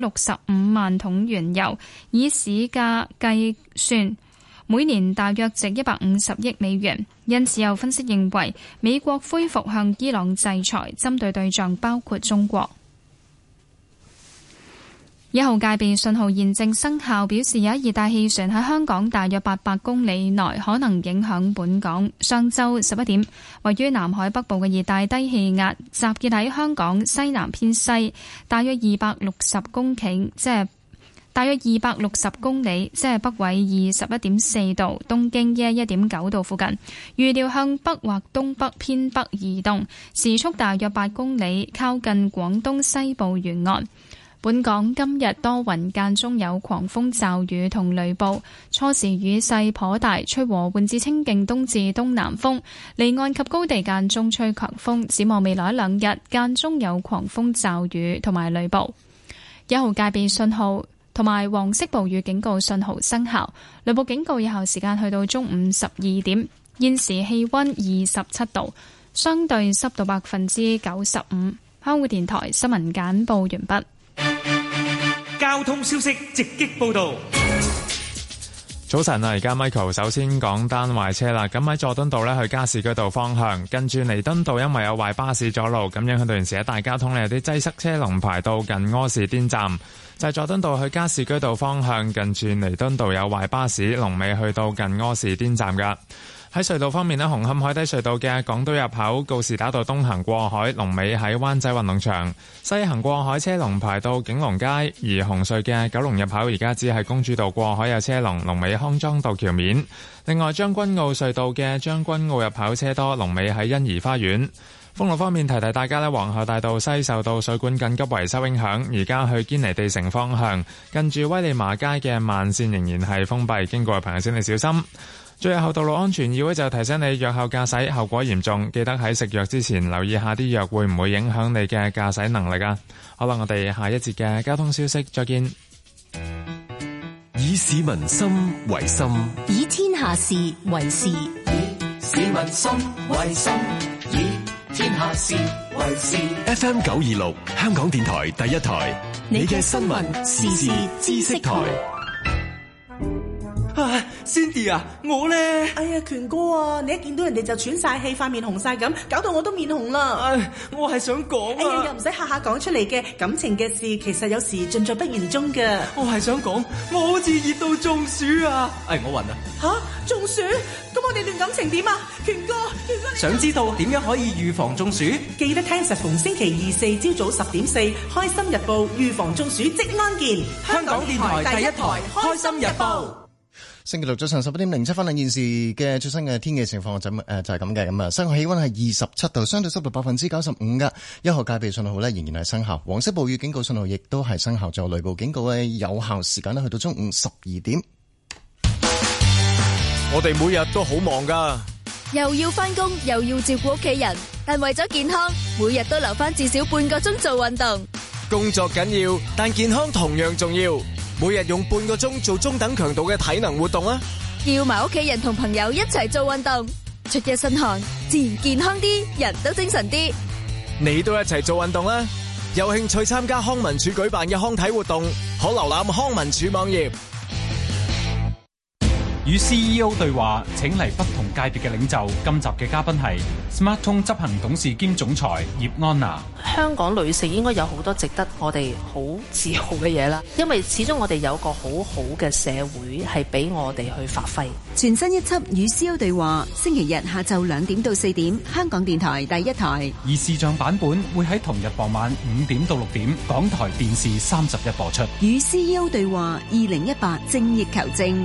六十五萬桶原油，以市價計算，每年大約值一百五十億美元。因此，有分析認為，美國恢復向伊朗制裁，針對對象包括中國。一號戒備信號現正生效，表示有一熱帶氣旋喺香港大約八百公里內可能影響本港。上周十一點，位於南海北部嘅熱帶低氣壓集結喺香港西南偏西，大約二百六十公里，即係大約二百六十公里，即係北緯二十一點四度，東經一一點九度附近。預料向北或東北偏北移動，時速大約八公里，靠近廣東西部沿岸。本港今日多雲，間中有狂風驟雨同雷暴，初時雨勢頗大，吹和緩至清勁東至東南風。離岸及高地間中吹強風。展望未來兩日間中有狂風驟雨同埋雷暴。一號戒備信號同埋黃色暴雨警告信號生效，雷暴警告有效時間去到中午十二點。現時氣溫二十七度，相對濕度百分之九十五。香港電台新聞簡報完畢。交通消息直擊報道。早晨啊，而家 Michael 首先講單壞車啦。咁喺佐敦道呢，去加士居道方向，近住彌敦道，因為有壞巴士阻路，咁影響到沿線一帶交通，呢有啲擠塞車龍排到近柯士甸站。就係，佐敦道去加士居道方向，近住彌敦道有壞巴士，龍尾去到近柯士甸站噶。喺隧道方面呢紅磡海底隧道嘅港島入口告士打道東行過海，龍尾喺灣仔運動場；西行過海車龍排到景隆街。而紅隧嘅九龍入口而家只係公主道過海有車龍，龍尾康莊道橋面。另外，將軍澳隧道嘅將軍澳入口車多，龍尾喺欣怡花園。封路方面，提提大家呢皇后大道西受到水管緊急維修影響，而家去堅尼地城方向近住威利麻街嘅慢線仍然係封閉，經過嘅朋友請你小心。最後，道路安全議會就提醒你，藥後駕駛後果嚴重，記得喺食藥之前留意下啲藥會唔會影響你嘅駕駛能力啊！好啦，我哋下一節嘅交通消息再見。以市民心為心，以天下事為事。以市民心為心，以天下事為事。FM 九二六，香港電台第一台，你嘅新聞、時事、知識台。啊，Cindy 啊，Cindy，我咧，哎呀，權哥啊，你一見到人哋就喘晒氣，塊面紅晒咁，搞到我都面紅啦，哎。我係想講啊，哎、呀又唔使下下講出嚟嘅感情嘅事，其實有時盡在不言中嘅。我係想講，我好似熱到中暑啊！哎，我暈啊，吓，中暑？咁我哋段感情點啊？權哥，權哥，想知道點樣可以預防中暑？中暑記得聽實逢星期二四朝早十點四《開心日報》，預防中暑即安健。香港電台第一台，第一台《開心日報》。星期六早上十一點零七分，現時嘅最新嘅天氣情況就咁誒，係咁嘅，咁啊。室外氣溫係二十七度，相對濕度百分之九十五噶。一號戒備信號呢，仍然係生效，黃色暴雨警告信號亦都係生效，就雷暴警告嘅有效時間呢，去到中午十二點。我哋每日都好忙噶，又要返工，又要照顧屋企人，但為咗健康，每日都留返至少半個鐘做運動。工作緊要，但健康同樣重要。每日用半個鐘做中等強度嘅體能活動啊！叫埋屋企人同朋友一齊做運動，出一身汗，自然健康啲，人都精神啲。你都一齊做運動啦！有興趣參加康文署舉辦嘅康體活動，可瀏覽康文署網頁。與 C E O 對話，請嚟不同界別嘅領袖。今集嘅嘉賓係 Smart 通執行董事兼總裁葉安娜。香港女性應該有好多值得我哋好自豪嘅嘢啦，因為始終我哋有個很好好嘅社會係俾我哋去發揮。全新一輯《與 C E O 對話》，星期日下晝兩點到四點，香港電台第一台；而視像版本會喺同日傍晚五點到六點，港台電視三十日播出。《與 C E O 對話》二零一八，正業求證。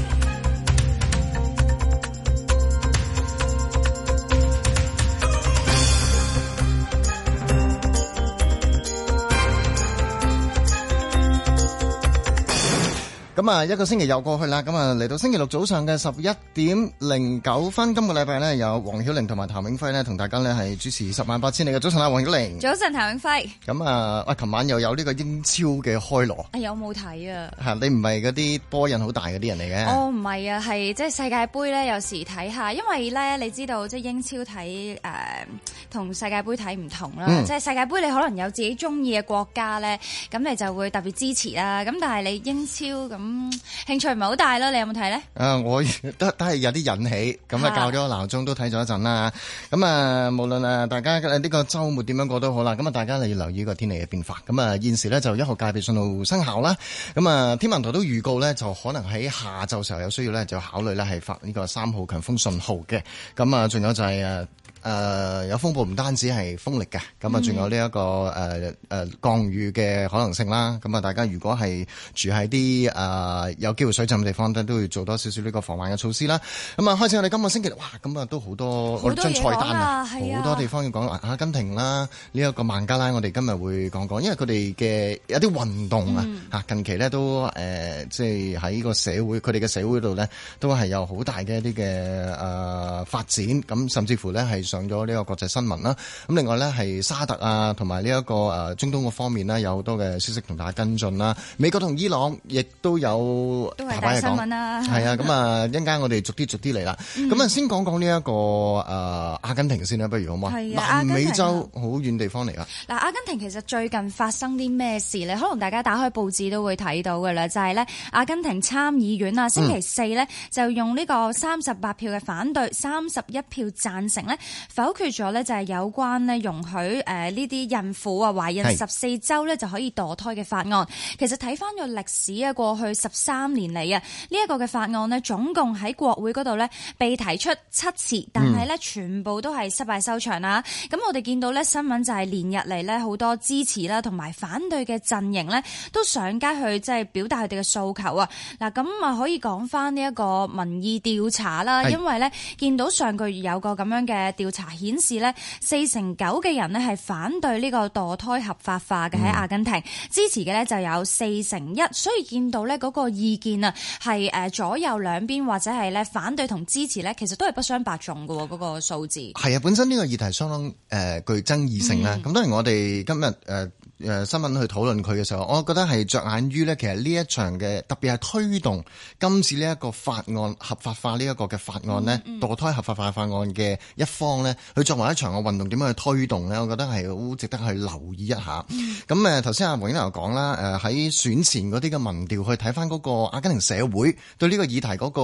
咁啊，一個星期又過去啦。咁啊，嚟到星期六早上嘅十一點零九分，今個禮拜咧有黃曉玲同埋譚永輝呢，同大家咧係主持《十萬八千里》嘅。早晨啊，黃曉玲。早晨譚永輝。咁啊，啊，琴晚又有呢個英超嘅開鑼。哎、啊，有冇睇啊？係你唔係嗰啲波印好大嗰啲人嚟嘅？哦，唔係啊，係即係世界杯咧，有時睇下，因為咧，你知道即係英超睇誒，同、呃、世界杯睇唔同啦。嗯、即係世界杯你可能有自己中意嘅國家咧，咁你就會特別支持啦。咁但係你英超咁。咁、嗯、興趣唔係好大咯，你有冇睇咧？誒、啊，我都都係有啲引起，咁、嗯、啊，校咗個鬧鐘都睇咗一陣啦。咁、嗯、啊，無論啊，大家呢個周末點樣過都好啦。咁啊，大家你要留意個天氣嘅變化。咁、嗯、啊，現時咧就一號戒備信號生效啦。咁、嗯、啊，天文台都預告咧，就可能喺下晝時候有需要咧，就考慮咧係發呢個三號強風信號嘅。咁、嗯、啊，仲有就係、是、誒。呃誒、呃、有風暴唔單止係風力嘅，咁啊仲有呢、這、一個誒誒、嗯呃呃、降雨嘅可能性啦。咁啊大家如果係住喺啲誒有機會水浸嘅地方，都都要做多少少呢個防範嘅措施啦。咁啊開始我哋今個星期日，哇！咁啊都好多，好多嘢啊，我哋張菜單啊，好多地方要講，阿根廷啦，呢、這、一個孟加拉，我哋今日會講講，因為佢哋嘅有啲運動啊、嗯、近期呢都即係喺個社會，佢哋嘅社會度呢，都係有好大嘅一啲嘅誒發展，咁甚至乎呢係。上咗呢個國際新聞啦，咁另外呢，係沙特啊，同埋呢一個誒、啊、中東嘅方面咧，有好多嘅消息同大家跟進啦。美國同伊朗亦都有大新聞啦，係啊，咁 啊一陣間我哋逐啲逐啲嚟啦。咁、嗯這個、啊先講講呢一個誒阿根廷先啦，不如好嗎？啊的，南美洲好遠地方嚟啊。嗱，阿根廷其實最近發生啲咩事呢？可能大家打開報紙都會睇到嘅啦，就係、是、呢，阿根廷參議院啊，星期四呢，就用呢個三十八票嘅反對，三十一票贊成呢。否決咗呢就係有關呢容許誒呢啲孕婦啊懷孕十四週呢就可以墮胎嘅法案是。其實睇翻個歷史啊，過去十三年嚟啊，呢、這、一個嘅法案呢總共喺國會嗰度呢被提出七次，但係呢全部都係失敗收場啦。咁、嗯、我哋見到呢新聞就係連日嚟呢好多支持啦同埋反對嘅陣營呢都上街去即係表達佢哋嘅訴求啊。嗱咁啊可以講翻呢一個民意調查啦，因為呢見到上個月有個咁樣嘅調。調查顯示咧，四成九嘅人咧係反對呢個墮胎合法化嘅喺阿根廷，嗯、支持嘅咧就有四成一，所以見到呢嗰個意見啊，係誒左右兩邊或者係咧反對同支持咧，其實都係不相伯仲嘅嗰個數字。係啊、嗯，本身呢個議題相當誒、呃、具爭議性啦。咁、嗯、當然我哋今日誒。呃誒新聞去討論佢嘅時候，我覺得係着眼於咧，其實呢一場嘅特別係推動今次呢一個法案合法化呢一個嘅法案咧，墮胎合法化法案嘅一方咧，佢、mm hmm. 作為一場嘅運動點樣去推動咧，我覺得係好值得去留意一下。咁誒頭先阿黃英講啦，誒喺選前嗰啲嘅民調去睇翻嗰個阿根廷社會對呢個議題嗰個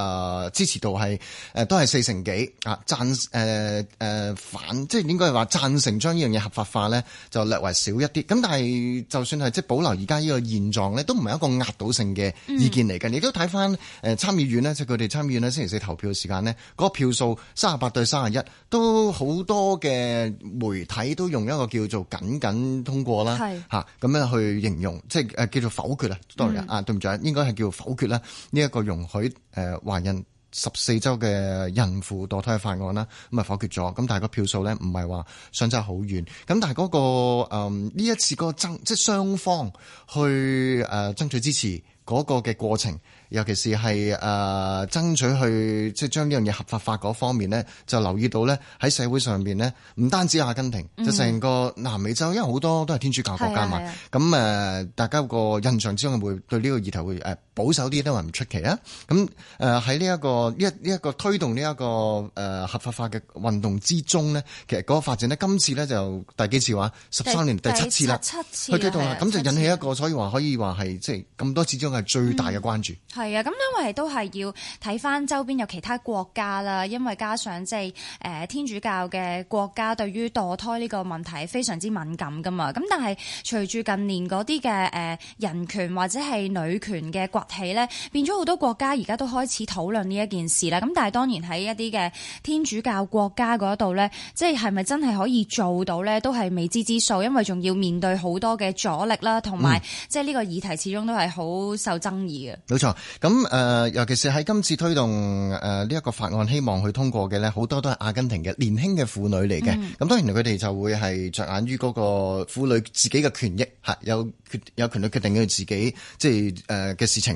誒支持度係誒都係四成幾啊，贊誒誒反即係應該係話贊成將呢樣嘢合法化咧，就略為少一。咁，但係就算係即係保留而家呢個現狀咧，都唔係一個壓倒性嘅意見嚟嘅。你都睇翻誒參議院呢，即係佢哋參議院呢星期四投票嘅時間呢嗰、那個票數三十八對三十一，都好多嘅媒體都用一個叫做僅僅通過啦，咁是樣去形容，即係叫做否決啦，當然、嗯、啊，對唔住，應該係叫做否決啦，呢、這、一個容許誒、呃、華人。十四周嘅孕婦墮胎法案啦，咁啊否決咗，咁但係、個票數咧唔係話相差好遠，咁但係嗰個誒呢一次個爭即係雙方去誒爭取支持嗰個嘅過程，尤其是係誒爭取去即係將呢樣嘢合法化嗰方面咧，就留意到咧喺社會上邊咧，唔單止阿根廷，嗯、就成個南美洲，因為好多都係天主教國家嘛，咁誒的大家個印象之中會對呢個議題會誒。保守啲都話唔出奇啊！咁誒喺呢一個一呢一個推動呢、這、一個誒、呃、合法化嘅運動之中咧，其實嗰個發展咧，今次咧就第幾次話十三年第，第七次啦，七次去推動啦，咁的就引起一個所以話可以話係即係咁多始終係最大嘅關注。係啊、嗯，咁因為都係要睇翻周邊有其他國家啦，因為加上即係誒天主教嘅國家對於墮胎呢個問題非常之敏感噶嘛。咁但係隨住近年嗰啲嘅誒人權或者係女權嘅國起咧，變咗好多國家而家都開始討論呢一件事啦。咁但係當然喺一啲嘅天主教國家嗰度咧，即係係咪真係可以做到咧？都係未知之數，因為仲要面對好多嘅阻力啦，同埋即係呢個議題始終都係好受爭議嘅。冇、嗯、錯，咁誒，尤其是喺今次推動誒呢一個法案，希望佢通過嘅咧，好多都係阿根廷嘅年輕嘅婦女嚟嘅。咁、嗯、當然佢哋就會係着眼於嗰個婦女自己嘅權益，有決有權力決定佢自己即係誒嘅事情。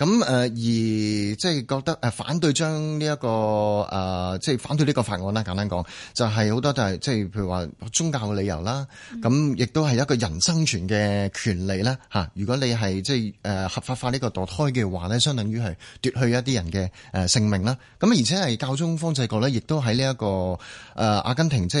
咁誒而即係覺得反對將呢一個誒即係反對呢個法案啦，簡單講就係、是、好多都係即係譬如話宗教嘅理由啦，咁亦、嗯、都係一個人生存嘅權利啦吓。如果你係即係合法化呢個墮胎嘅話咧，相等於係奪去一啲人嘅誒性命啦。咁而且係教宗方濟各咧、這個，亦都喺呢一個誒阿根廷即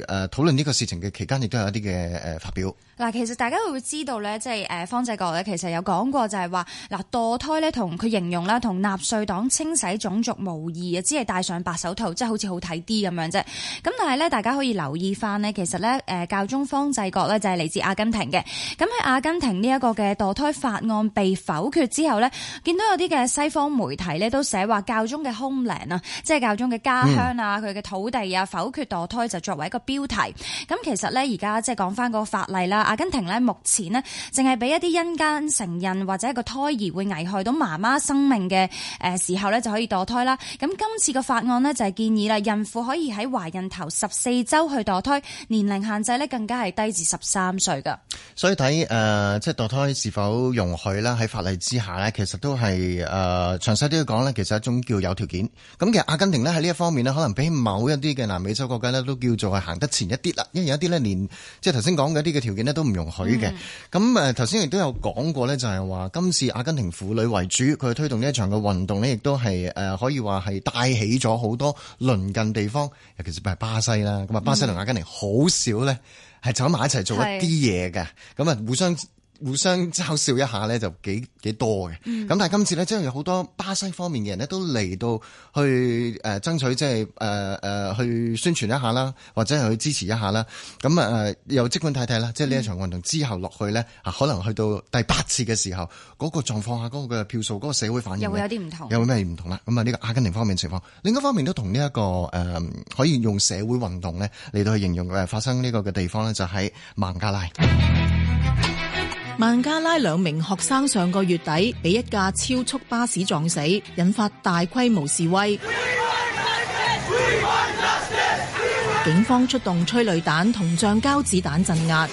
係誒討論呢個事情嘅期間，亦都有一啲嘅誒發表。嗱，其實大家會知道咧，即係方濟各咧，其實有講過就係話嗱墮胎胎咧同佢形容啦，同納粹黨清洗種族無異啊，只係戴上白手套，即係好似好睇啲咁樣啫。咁但係咧，大家可以留意翻呢，其實咧誒教宗方濟各咧就係嚟自阿根廷嘅。咁喺阿根廷呢一個嘅墮胎法案被否決之後呢，見到有啲嘅西方媒體咧都寫話教宗嘅空靈啊，即係教宗嘅家鄉啊，佢嘅土地啊，否決墮胎就作為一個標題。咁其實咧而家即係講翻個法例啦，阿根廷呢，目前呢，淨係俾一啲因間承認或者一個胎兒會危害。害到媽媽生命嘅誒時候咧，就可以墮胎啦。咁今次嘅法案呢，就係建議啦，孕婦可以喺懷孕頭十四周去墮胎，年齡限制呢更加係低至十三歲噶。所以睇誒即係墮胎是否容許啦，喺法例之下呢，其實都係誒詳細啲去講咧，其實一種叫有條件。咁其實阿根廷呢，喺呢一方面呢，可能比某一啲嘅南美洲國家呢，都叫做係行得前一啲啦。因為有一啲呢，連即係頭先講嘅一啲嘅條件呢，都唔容許嘅。咁誒頭先亦都有講過呢，就係話今次阿根廷婦女。佢為主，佢推動呢一場嘅運動咧，亦都係誒，可以話係帶起咗好多鄰近地方，尤其是係巴西啦。咁啊，巴西同阿根廷好少咧，係走埋一齊做一啲嘢嘅，咁啊是，互相。互相嘲笑一下咧，就幾幾多嘅。咁、嗯、但係今次咧，即係有好多巴西方面嘅人咧，都嚟到去誒、呃、爭取，即係誒誒去宣傳一下啦，或者係去支持一下啦。咁啊、呃，有即管睇睇啦。即係呢一場運動、嗯、之後落去咧，可能去到第八次嘅時候，嗰、那個狀況下，嗰、那個票數，嗰、那個社會反應，又會有啲唔同，有咩唔同啦？咁啊，呢個阿根廷方面情況，另一方面都同呢一個誒、呃，可以用社會運動咧嚟到去形容誒、發生呢個嘅地方咧，就喺、是、孟加拉。孟加拉兩名學生上個月底被一架超速巴士撞死，引發大規模示威。We want justice! 警方出動催淚彈同橡膠子彈鎮壓。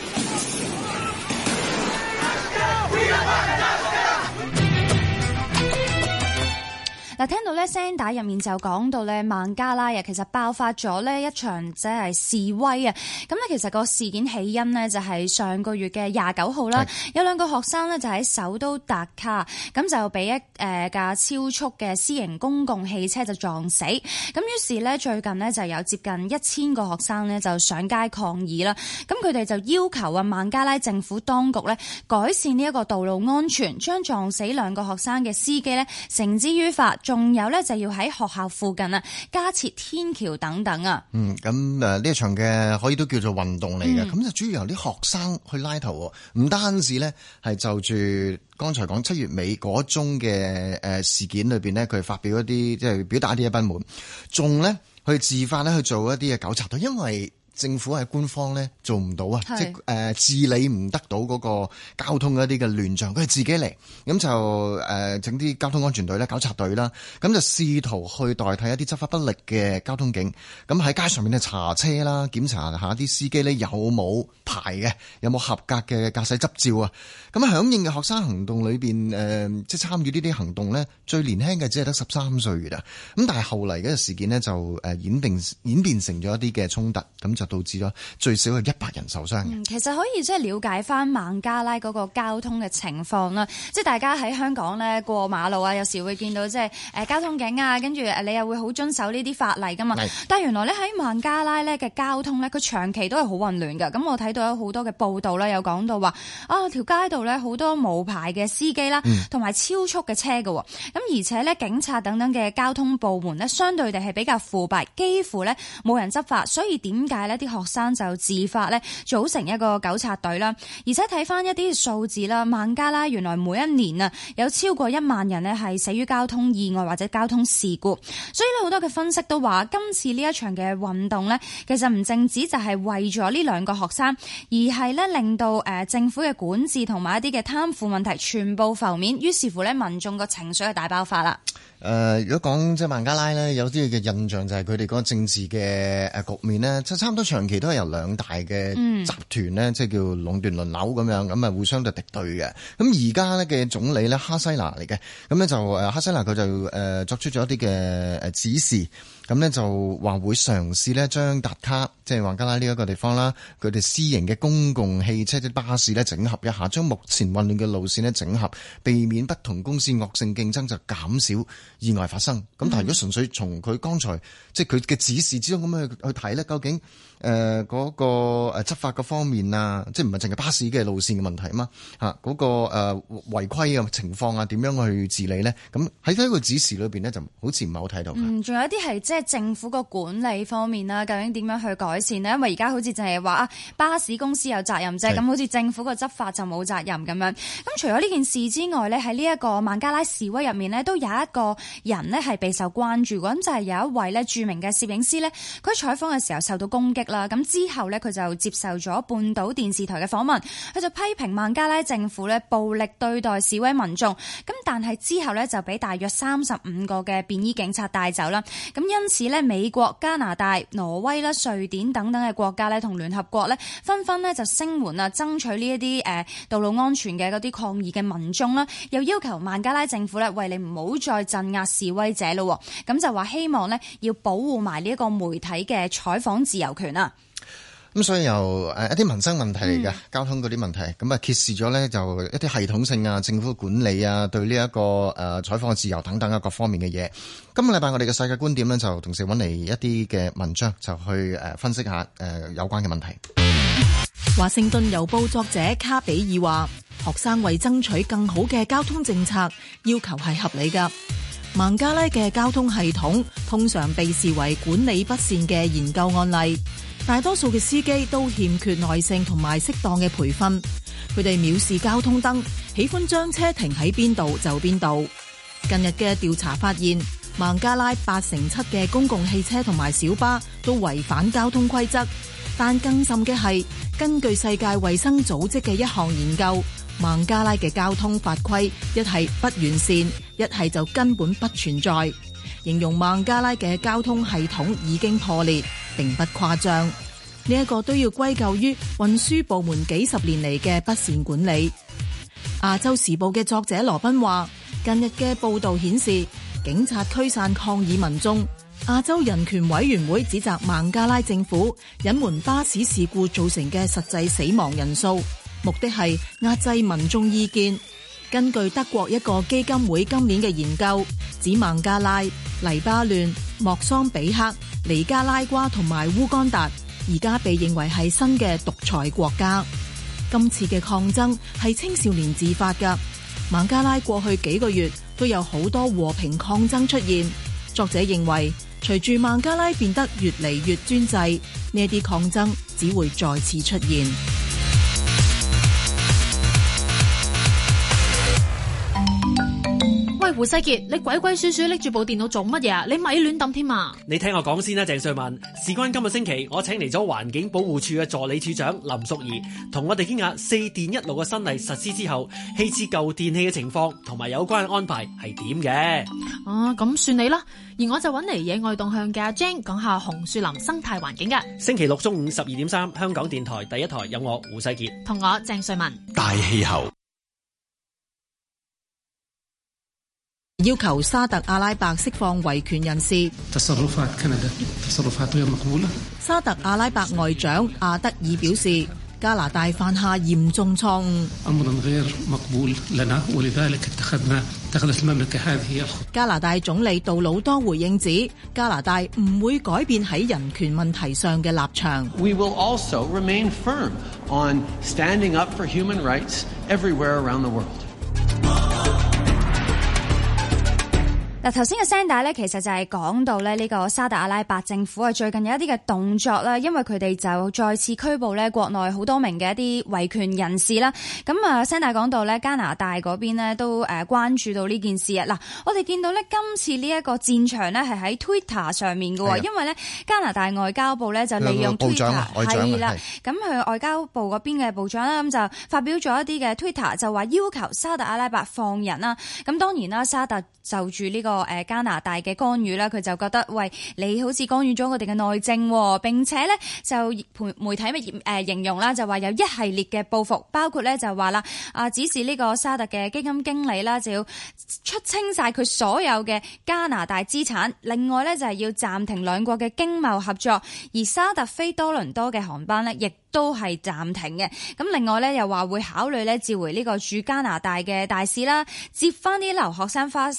嗱，聽到咧聲帶入面就講到咧孟加拉呀，其實爆發咗呢一場即係示威啊！咁呢其實個事件起因呢，就係上個月嘅廿九號啦，有兩個學生呢就喺首都達卡，咁就俾一誒架超速嘅私營公共汽車就撞死，咁於是呢，最近呢就有接近一千個學生呢就上街抗議啦，咁佢哋就要求啊孟加拉政府當局呢改善呢一個道路安全，將撞死兩個學生嘅司機呢，繩之於法。仲有咧，就要喺學校附近啊，加設天橋等等啊。嗯，咁誒，呢一場嘅可以都叫做運動嚟嘅，咁就、嗯、主要由啲學生去拉頭。唔單止咧，係就住剛才講七月尾嗰一宗嘅誒事件裏邊咧，佢發表一啲即係表達一啲嘅不滿，仲咧去自發咧去做一啲嘅糾察，都因為。政府係官方咧做唔到啊，是即係誒、呃、治理唔得到嗰個交通一啲嘅亂象，佢係自己嚟，咁就誒整啲交通安全隊咧、糾察隊啦，咁就試圖去代替一啲執法不力嘅交通警，咁喺街上面咧查車啦，檢查下啲司機咧有冇牌嘅，有冇合格嘅駕駛執照啊，咁響應嘅學生行動裏邊誒、呃、即係參與呢啲行動咧，最年輕嘅只係得十三歲咋，咁但係後嚟嘅事件咧就誒演定演變成咗一啲嘅衝突，咁就。導致咗最少係一百人受傷。嗯，其實可以即係了解翻孟加拉嗰個交通嘅情況啦。即係大家喺香港咧過馬路啊，有時會見到即係誒交通警啊，跟住誒你又會好遵守呢啲法例噶嘛。是但係原來咧喺孟加拉咧嘅交通咧，佢長期都係好混亂㗎。咁我睇到有好多嘅報道啦，有講到話啊條街道咧好多冇牌嘅司機啦，同埋、嗯、超速嘅車㗎。咁而且咧警察等等嘅交通部門咧，相對地係比較腐敗，幾乎咧冇人執法，所以點解？一啲學生就自發咧組成一個糾察隊啦，而且睇翻一啲數字啦，孟加拉原來每一年啊有超過一萬人咧係死於交通意外或者交通事故，所以咧好多嘅分析都話，今次呢一場嘅運動咧，其實唔淨止就係為咗呢兩個學生，而係咧令到誒政府嘅管治同埋一啲嘅貪腐問題全部浮面，於是乎咧民眾個情緒係大爆發啦。誒、呃，如果講即係孟加拉咧，有啲嘅印象就係佢哋嗰個政治嘅誒局面咧，就差唔多長期都係由兩大嘅集團咧，嗯、即係叫壟斷輪流咁樣，咁啊互相就敵對嘅。咁而家咧嘅總理咧，哈西娜嚟嘅，咁咧就誒哈西娜佢就誒作出咗一啲嘅誒指示。咁呢就話會嘗試呢將達卡，即係孟加拉呢一個地方啦，佢哋私營嘅公共汽車啲巴士呢整合一下，將目前混亂嘅路線呢整合，避免不同公司惡性競爭，就減少意外發生。咁、嗯、但係如果純粹從佢剛才即係佢嘅指示之中咁樣去去睇呢，究竟？誒嗰、呃嗰個誒執法嘅方面啊，即係唔係淨係巴士嘅路線嘅問題嘛？嚇，嗰個誒違規嘅情況啊，點樣去治理呢？咁喺呢個指示裏面呢，就好似唔係好睇到。仲、嗯、有一啲係即係政府個管理方面啦，究竟點樣去改善呢？因為而家好似淨係話啊，巴士公司有責任啫，咁是好似政府個執法就冇責任咁樣。咁除咗呢件事之外呢，喺呢一個孟加拉示威入面呢，都有一個人呢係備受關注。噉就係、是、有一位呢著名嘅攝影師呢，佢喺採訪嘅時候受到攻擊。啦，咁之後呢，佢就接受咗半島電視台嘅訪問，佢就批評孟加拉政府呢暴力對待示威民眾，咁但係之後呢，就俾大約三十五個嘅便衣警察帶走啦。咁因此呢，美國、加拿大、挪威啦、瑞典等等嘅國家呢同聯合國呢，紛紛呢就聲援啊，爭取呢一啲誒道路安全嘅嗰啲抗議嘅民眾啦，又要求孟加拉政府呢為你唔好再鎮壓示威者咯，咁就話希望呢，要保護埋呢一個媒體嘅採訪自由權啦。咁、嗯、所以由誒一啲民生問題嚟嘅，嗯、交通嗰啲問題，咁啊揭示咗咧就一啲系統性啊，政府管理啊，對呢、這、一個誒採訪嘅自由等等啊各方面嘅嘢。今個禮拜我哋嘅世界觀點咧就同時搵嚟一啲嘅文章，就去誒分析下誒有關嘅問題。華盛頓郵報作者卡比爾話，學生為爭取更好嘅交通政策要求係合理噶。孟加拉嘅交通系統通常被視為管理不善嘅研究案例。大多數嘅司機都欠缺耐性同埋適當嘅培訓，佢哋藐視交通燈，喜歡將車停喺邊度就邊度。近日嘅調查發現，孟加拉八成七嘅公共汽車同埋小巴都違反交通規則，但更甚嘅係，根據世界衛生組織嘅一項研究，孟加拉嘅交通法規一係不完善，一係就根本不存在。形容孟加拉嘅交通系統已經破裂，並不誇張。呢一個都要歸咎於運輸部門幾十年嚟嘅不善管理。亞洲時報嘅作者羅賓話，近日嘅報道顯示，警察驅散抗議民眾。亞洲人權委員會指責孟加拉政府隱瞞巴士事故造成嘅實際死亡人數，目的係壓制民眾意見。根據德國一個基金會今年嘅研究，指孟加拉、黎巴嫩、莫桑比克、尼加拉瓜同埋烏干達而家被認為係新嘅獨裁國家。今次嘅抗爭係青少年自發㗎。孟加拉過去幾個月都有好多和平抗爭出現。作者認為，隨住孟加拉變得越嚟越專制，呢啲抗爭只會再次出現。胡世杰，你鬼鬼祟祟拎住部電腦做乜嘢啊？你咪亂抌添啊！你聽我講先啦，鄭瑞文，事關今日星期，我請嚟咗環境保護處嘅助理處長林淑儀，同我哋傾下四電一腦嘅新例實施之後，棄置舊電器嘅情況同埋有關嘅安排係點嘅。哦、啊，咁算你啦，而我就搵嚟野外動向嘅阿 Jean 講下紅樹林生態環境嘅。星期六中午十二點三，3，香港電台第一台有我胡世杰同我鄭瑞文大氣候。要求沙特阿拉伯釋放維權人士。沙特阿拉伯外長阿德爾表示，加拿大犯下嚴重錯誤。加拿大總理杜魯多回應指，加拿大唔會改變喺人權問題上嘅立場。We will also remain firm on standing up for human rights everywhere around the world. 嗱，頭先嘅聲帶咧，其實就係講到咧呢個沙特阿拉伯政府啊，最近有一啲嘅動作啦，因為佢哋就再次拘捕咧國內好多名嘅一啲維權人士啦。咁啊，聲帶講到咧加拿大嗰邊咧都誒關注到呢件事啊。嗱，我哋見到咧今次呢一個戰場咧係喺 Twitter 上面嘅喎，是的 因為咧加拿大外交部咧就利用 Twitter 係啦，咁佢外交部嗰邊嘅部長啦咁就發表咗一啲嘅 Twitter，就話要求沙特阿拉伯放人啦。咁當然啦，沙特就住呢，這個。個誒、加拿大嘅干預啦，佢就覺得，喂，你好似干預咗我哋嘅內政，並且咧就媒體咪、誒、形容啦，就話有一系列嘅報復，包括咧就話啦啊，指示呢個沙特嘅基金經理啦，就要出清晒佢所有嘅加拿大資產，另外咧就係要暫停兩國嘅經貿合作，而沙特飛多倫多嘅航班咧，亦。都係暫停嘅咁。另外咧，又話會考慮咧召回呢個駐加拿大嘅大使啦，接翻啲留學生翻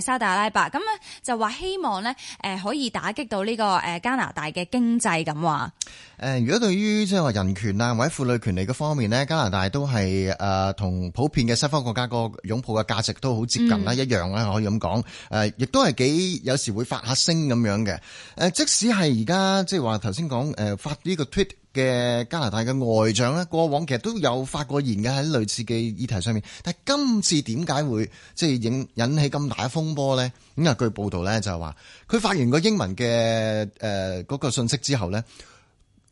沙特阿拉伯咁咧，就話希望咧可以打擊到呢個加拿大嘅經濟咁話、呃、如果對於即係話人權啊或者婦女權利嘅方面咧，加拿大都係同、呃、普遍嘅西方國家個擁抱嘅價值都好接近啦，嗯、一樣可以咁講、呃、亦都係幾有時會發下聲咁樣嘅即使係而家即係話頭先講發呢個 tweet。嘅加拿大嘅外長咧，過往其實都有發過言嘅喺類似嘅議題上面，但係今次點解會即係引引起咁大風波咧？咁啊，據報道咧就係話，佢發完個英文嘅誒嗰個信息之後咧，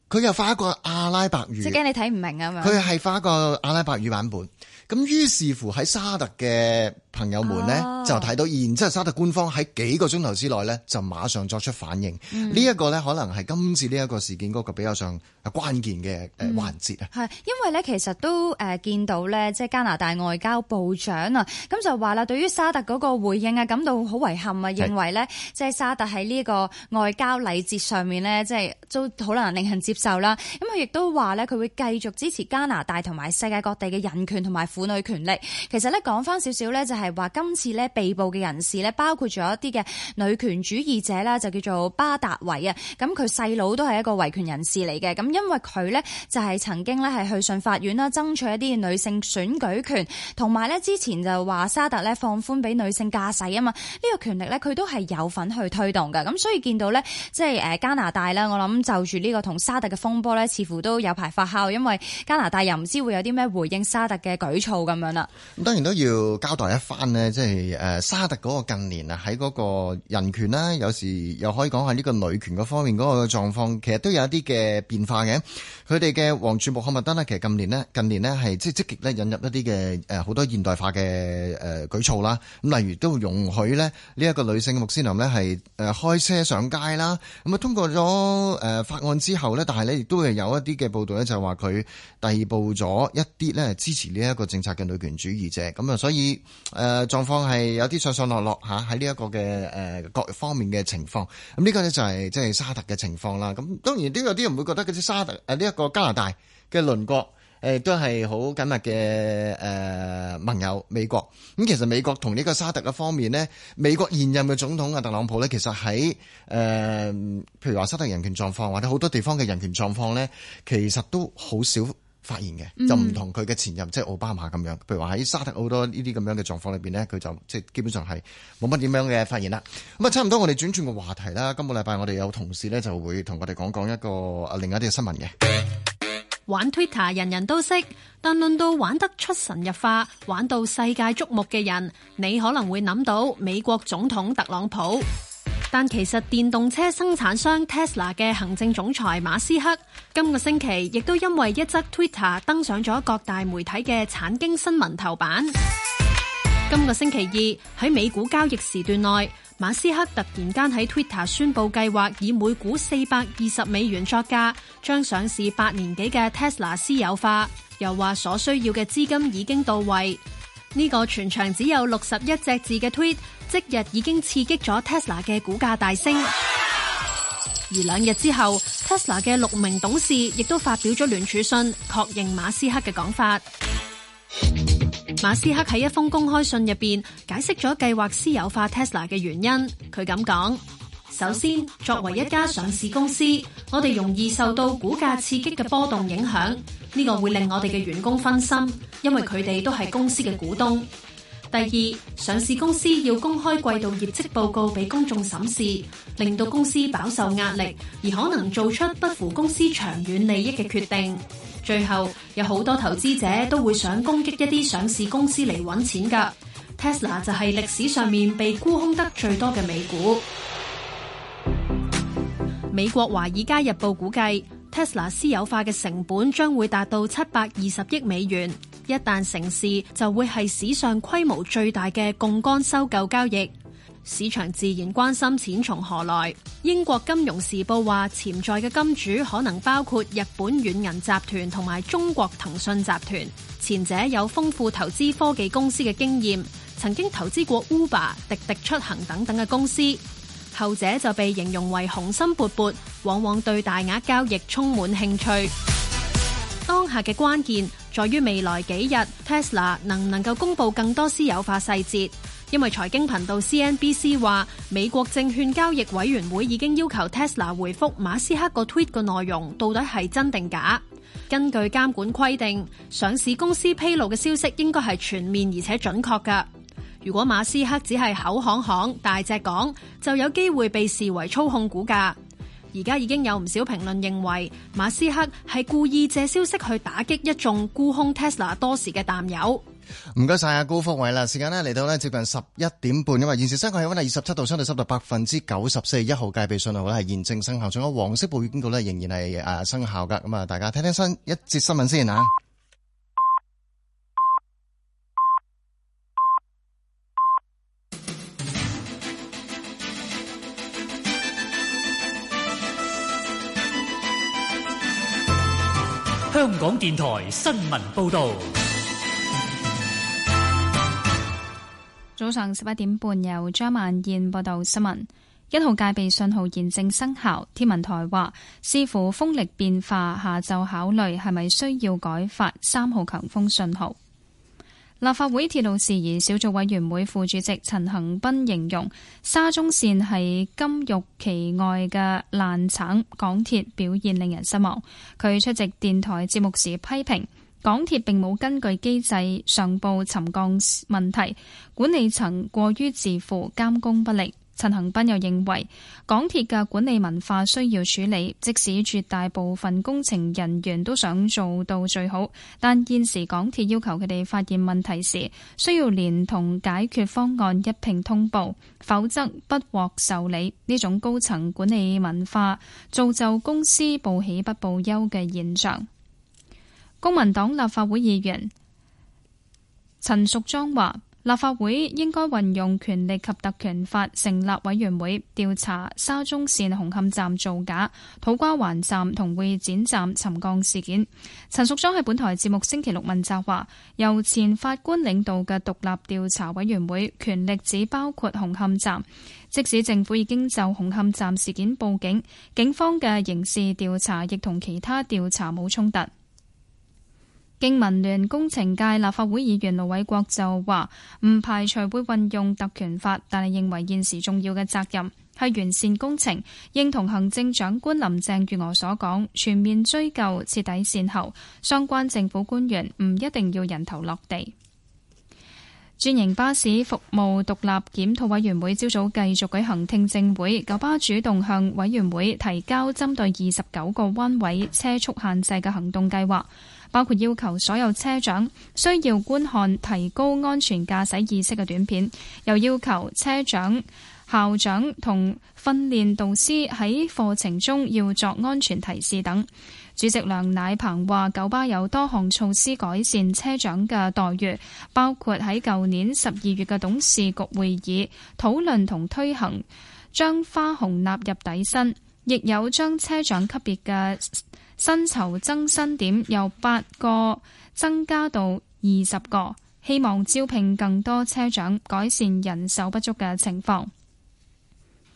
佢又發一個阿拉伯語，即係驚你睇唔明啊嘛，佢係發一個阿拉伯語版本。嗯咁於是乎喺沙特嘅朋友們呢就睇到，然之後沙特官方喺幾個鐘頭之內呢，就馬上作出反應。呢一個呢，可能係今次呢一個事件嗰個比較上關鍵嘅環節啊。因為呢，其實都誒見到呢，即係加拿大外交部長啊，咁就話啦，對於沙特嗰個回應啊，感到好遺憾啊，認為呢，即係沙特喺呢個外交禮節上面呢，即係都好難令人接受啦。咁佢亦都話呢，佢會繼續支持加拿大同埋世界各地嘅人權同埋。婦女權力，其實咧講翻少少咧，點點就係話今次咧被捕嘅人士咧，包括咗一啲嘅女權主義者啦，就叫做巴達維啊。咁佢細佬都係一個維權人士嚟嘅。咁因為佢咧就係曾經咧係去上法院啦，爭取一啲女性選舉權，同埋咧之前就話沙特咧放寬俾女性駕駛啊嘛。呢、這個權力咧佢都係有份去推動嘅。咁所以見到咧即係加拿大啦，我諗就住呢個同沙特嘅風波咧，似乎都有排發酵，因為加拿大又唔知會有啲咩回應沙特嘅舉措。咁樣啦，咁當然都要交代一番呢，即係誒沙特嗰個近年啊，喺嗰個人權啦，有時又可以講下呢個女權嗰方面嗰個狀況，其實都有一啲嘅變化嘅。佢哋嘅王儲穆罕默德呢，其實近年呢，近年呢係即係積極咧引入一啲嘅誒好多現代化嘅誒舉措啦。咁例如都容許咧呢一個女性嘅穆斯林呢係誒開車上街啦。咁啊通過咗誒法案之後呢，但係呢亦都係有一啲嘅報道呢，就係話佢逮捕咗一啲咧支持呢一個政政策嘅女權主義者，咁啊，所以誒狀況係有啲上上落落吓，喺呢一個嘅誒、呃、各方面嘅情況。咁、嗯、呢、這個呢就係即係沙特嘅情況啦。咁、嗯、當然都有啲人會覺得，嗰啲沙特誒呢一個加拿大嘅鄰國誒、呃、都係好緊密嘅誒、呃、盟友美國。咁、嗯、其實美國同呢個沙特嘅方面呢，美國現任嘅總統啊特朗普呢，其實喺誒、呃、譬如話沙特人權狀況或者好多地方嘅人權狀況呢，其實都好少。發現嘅就唔同佢嘅前任，即係奧巴馬咁樣，譬如話喺沙特好多呢啲咁樣嘅狀況裏邊咧，佢就即係基本上係冇乜點樣嘅發言啦。咁啊，差唔多我哋轉轉個話題啦。今個禮拜我哋有同事咧就會同我哋講講一個啊另一啲嘅新聞嘅。玩 Twitter 人人都識，但論到玩得出神入化、玩到世界矚目嘅人，你可能會諗到美國總統特朗普。但其實電動車生產商 Tesla 嘅行政總裁馬斯克今、這個星期亦都因為一則 Twitter 登上咗各大媒體嘅產經新聞頭版。今、這個星期二喺美股交易時段內，馬斯克突然間喺 Twitter 宣布計劃以每股四百二十美元作價，將上市八年幾嘅 Tesla 私有化，又話所需要嘅資金已經到位。呢、這個全場只有六十一隻字嘅 tweet 即日已經刺激咗 Tesla 嘅股價大升，而兩日之後，Tesla 嘅六名董事亦都發表咗聯署信，確認馬斯克嘅講法。馬斯克喺一封公開信入邊解釋咗計劃私有化 Tesla 嘅原因。佢咁講：首先，作為一家上市公司，我哋容易受到股價刺激嘅波動影響，呢個會令我哋嘅員工分心，因為佢哋都係公司嘅股東。第二，上市公司要公開季度業績報告俾公眾審視，令到公司飽受壓力，而可能做出不符公司長遠利益嘅決定。最後，有好多投資者都會想攻擊一啲上市公司嚟搵錢噶。Tesla 就係歷史上面被沽空得最多嘅美股。美國華爾街日報估計，Tesla 私有化嘅成本將會達到七百二十億美元。一旦成事，就會係史上規模最大嘅槓桿收購交易。市場自然關心錢從何來。英國金融時報話，潛在嘅金主可能包括日本軟銀集團同埋中國騰訊集團。前者有豐富投資科技公司嘅經驗，曾經投資過 Uber、滴滴出行等等嘅公司。後者就被形容為雄心勃勃，往往對大額交易充滿興趣。當下嘅關鍵，在於未來幾日，Tesla 能唔能夠公布更多私有化細節，因為財經頻道 CNBC 話，美國證券交易委員會已經要求 Tesla 回覆馬斯克個 tweet 嘅內容到底係真定假。根據監管規定，上市公司披露嘅消息應該係全面而且準確嘅。如果馬斯克只係口響響大隻講，就有機會被視為操控股價。而家已經有唔少評論認為馬斯克係故意借消息去打擊一眾沽空 Tesla 多時嘅淡友。唔該晒阿高福偉啦，時間呢嚟到咧接近十一點半因為。現時香港氣溫係二十七度，相對濕度百分之九十四。一號戒備信號咧係現正生效，仲有黃色暴雨警告呢仍然係誒生效噶。咁啊，大家聽聽新一節新聞先啊。香港電台新聞報道，早上十一點半由張萬燕報道新聞。一號戒備信號現正生效，天文台話視乎風力變化，下晝考慮係咪需要改發三號強風信號。立法會鐵路事宜小組委員會副主席陳恒鑌形容沙中綫係金玉其外嘅爛橙，港鐵表現令人失望。佢出席電台節目時批評，港鐵並冇根據機制上報沉降問題，管理層過於自負，監工不力。陳恒鑌又認為，港鐵嘅管理文化需要處理，即使絕大部分工程人員都想做到最好，但現時港鐵要求佢哋發現問題時，需要連同解決方案一併通報，否則不獲受理。呢種高層管理文化，造就公司報喜不報憂嘅現象。公民黨立法會議員陳淑莊話。立法會應該運用權力及特權法成立委員會調查沙中綫紅磡站造假、土瓜灣站同會展站沉降事件。陳淑莊喺本台節目星期六問責話，由前法官領導嘅獨立調查委員會權力只包括紅磡站，即使政府已經就紅磡站事件報警，警方嘅刑事調查亦同其他調查冇衝突。經民聯工程界立法會議員盧偉國就話，唔排除會運用特權法，但係認為現時重要嘅責任係完善工程，認同行政長官林鄭月娥所講，全面追究、徹底善後，相關政府官員唔一定要人頭落地。專營巴士服務獨立檢討委員會朝早繼續舉行聽證會，九巴主動向委員會提交針對二十九個彎位車速限制嘅行動計劃。包括要求所有車長需要觀看提高安全駕駛意識嘅短片，又要求車長、校長同訓練導師喺課程中要作安全提示等。主席梁乃鵬話：九巴有多項措施改善車長嘅待遇，包括喺舊年十二月嘅董事局會議討論同推行，將花紅納入底薪，亦有將車長級別嘅薪酬增薪點由八個增加到二十個，希望招聘更多車長，改善人手不足嘅情況。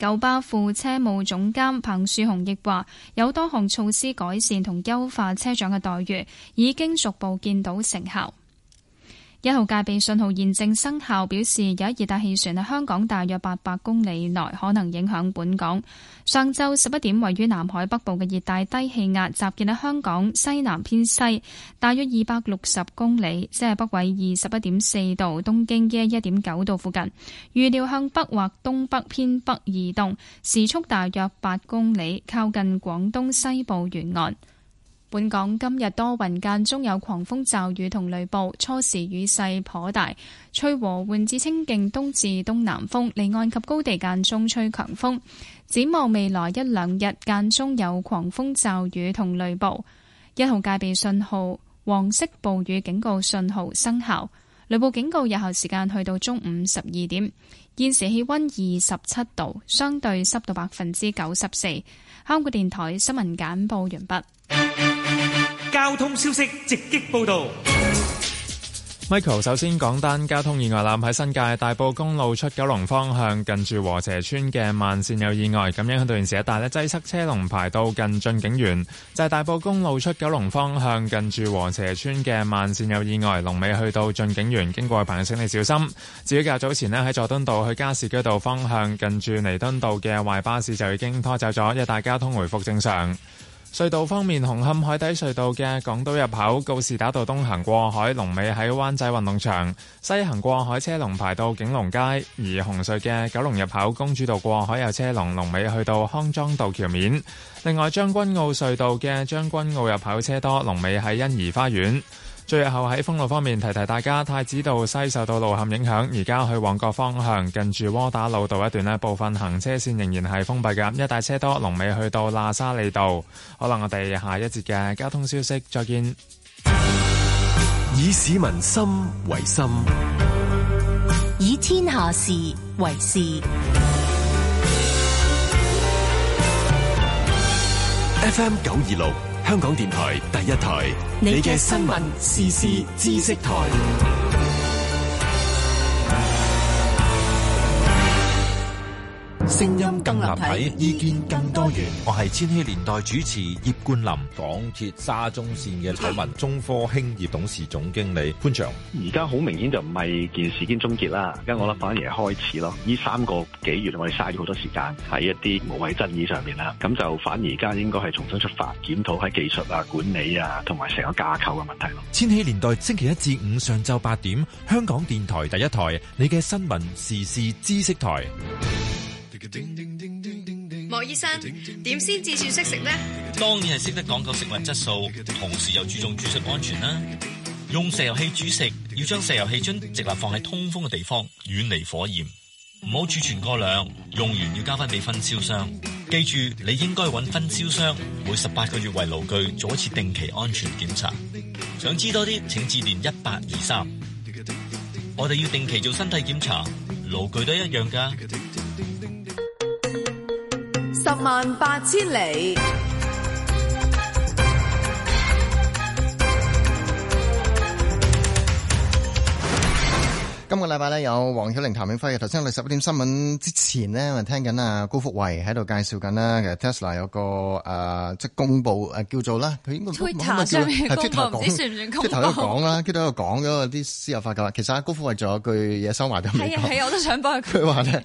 九巴副車務總監彭樹雄亦話，有多項措施改善同優化車長嘅待遇，已經逐步見到成效。一號戒備信號現正生效，表示有一熱帶氣旋喺香港大約八百公里內可能影響本港。上晝十一點，位於南海北部嘅熱帶低氣壓，集結喺香港西南偏西大約二百六十公里，即係北緯二十一點四度、東經一一點九度附近。預料向北或東北偏北移動，時速大約八公里，靠近廣東西部沿岸。本港今日多雲，間中有狂風驟雨同雷暴，初時雨勢頗大，吹和緩至清勁東至東南風，離岸及高地間中吹強風。展望未來一兩日間中有狂風驟雨同雷暴。一號戒備信號、黃色暴雨警告信號生效，雷暴警告有效時間去到中午十二點。現時氣溫二十七度，相對濕度百分之九十四。香港電台新聞簡報完畢。交通消息直擊報道，Michael 首先講單交通意外，啦，喺新界大埔公路出九龍方向近住和斜村嘅慢線有意外，咁影響到現時一帶呢，擠塞車龍排到近駿景園，就係、是、大埔公路出九龍方向近住和斜村嘅慢線有意外，龍尾去到駿景園，經過嘅朋友請你小心。至於較早前呢，喺佐敦道去加士居道方向近住彌敦道嘅壞巴士就已經拖走咗，一帶交通回復正常。隧道方面，紅磡海底隧道嘅港島入口告士打道東行過海，龍尾喺灣仔運動場；西行過海車龍排到景隆街。而紅隧嘅九龍入口公主道過海有車龍，龍尾去到康莊道橋面。另外，將軍澳隧道嘅將軍澳入口車多，龍尾喺欣怡花園。最後喺封路方面，提提大家，太子道西受到路陷影響，而家去旺角方向近住窩打老道一段呢，部分行車線仍然係封閉嘅，一帶車多，龍尾去到喇沙利道。好啦，我哋下一節嘅交通消息再見。以市民心為心，以天下事為事。FM 九二六。香港電台第一台，你嘅新聞時事知識台。聲音更立體，意見更多元。我係千禧年代主持葉冠林，港鐵沙中線嘅醜聞，中科興業董事總經理潘長。而家好明顯就唔係件事件終結啦，而家我諗反而係開始咯。呢三個幾月我哋嘥咗好多時間喺一啲無謂爭議上面啦，咁就反而，而家應該係重新出發，檢討喺技術啊、管理啊同埋成個架構嘅問題咯。千禧年代星期一至五上晝八點，香港電台第一台，你嘅新聞時事知識台。莫醫生，點先至算識食呢？當然係識得講究食物質素，同時又注重煮食安全啦。用石油氣煮食，要將石油氣樽直立放喺通風嘅地方，遠離火焰，唔好儲存過量。用完要交翻俾分銷商。記住，你應該揾分銷商每十八個月為爐具做一次定期安全檢查。想知多啲，請致電一八二三。我哋要定期做身體檢查，爐具都一樣噶。十萬八千里。今個禮拜咧有黃曉玲、譚永輝嘅，頭先我哋十一點新聞之前咧，我哋聽緊阿高福慧喺度介紹緊啦。其實 Tesla 有個誒、呃，即公布誒，叫做啦，佢應該 Twitter 唔知算唔算公布 Twitter 都講啦，跟住都講咗啲私有化嘅。其實阿高福慧仲有句嘢收埋咗。係係，我都想幫佢講話咧。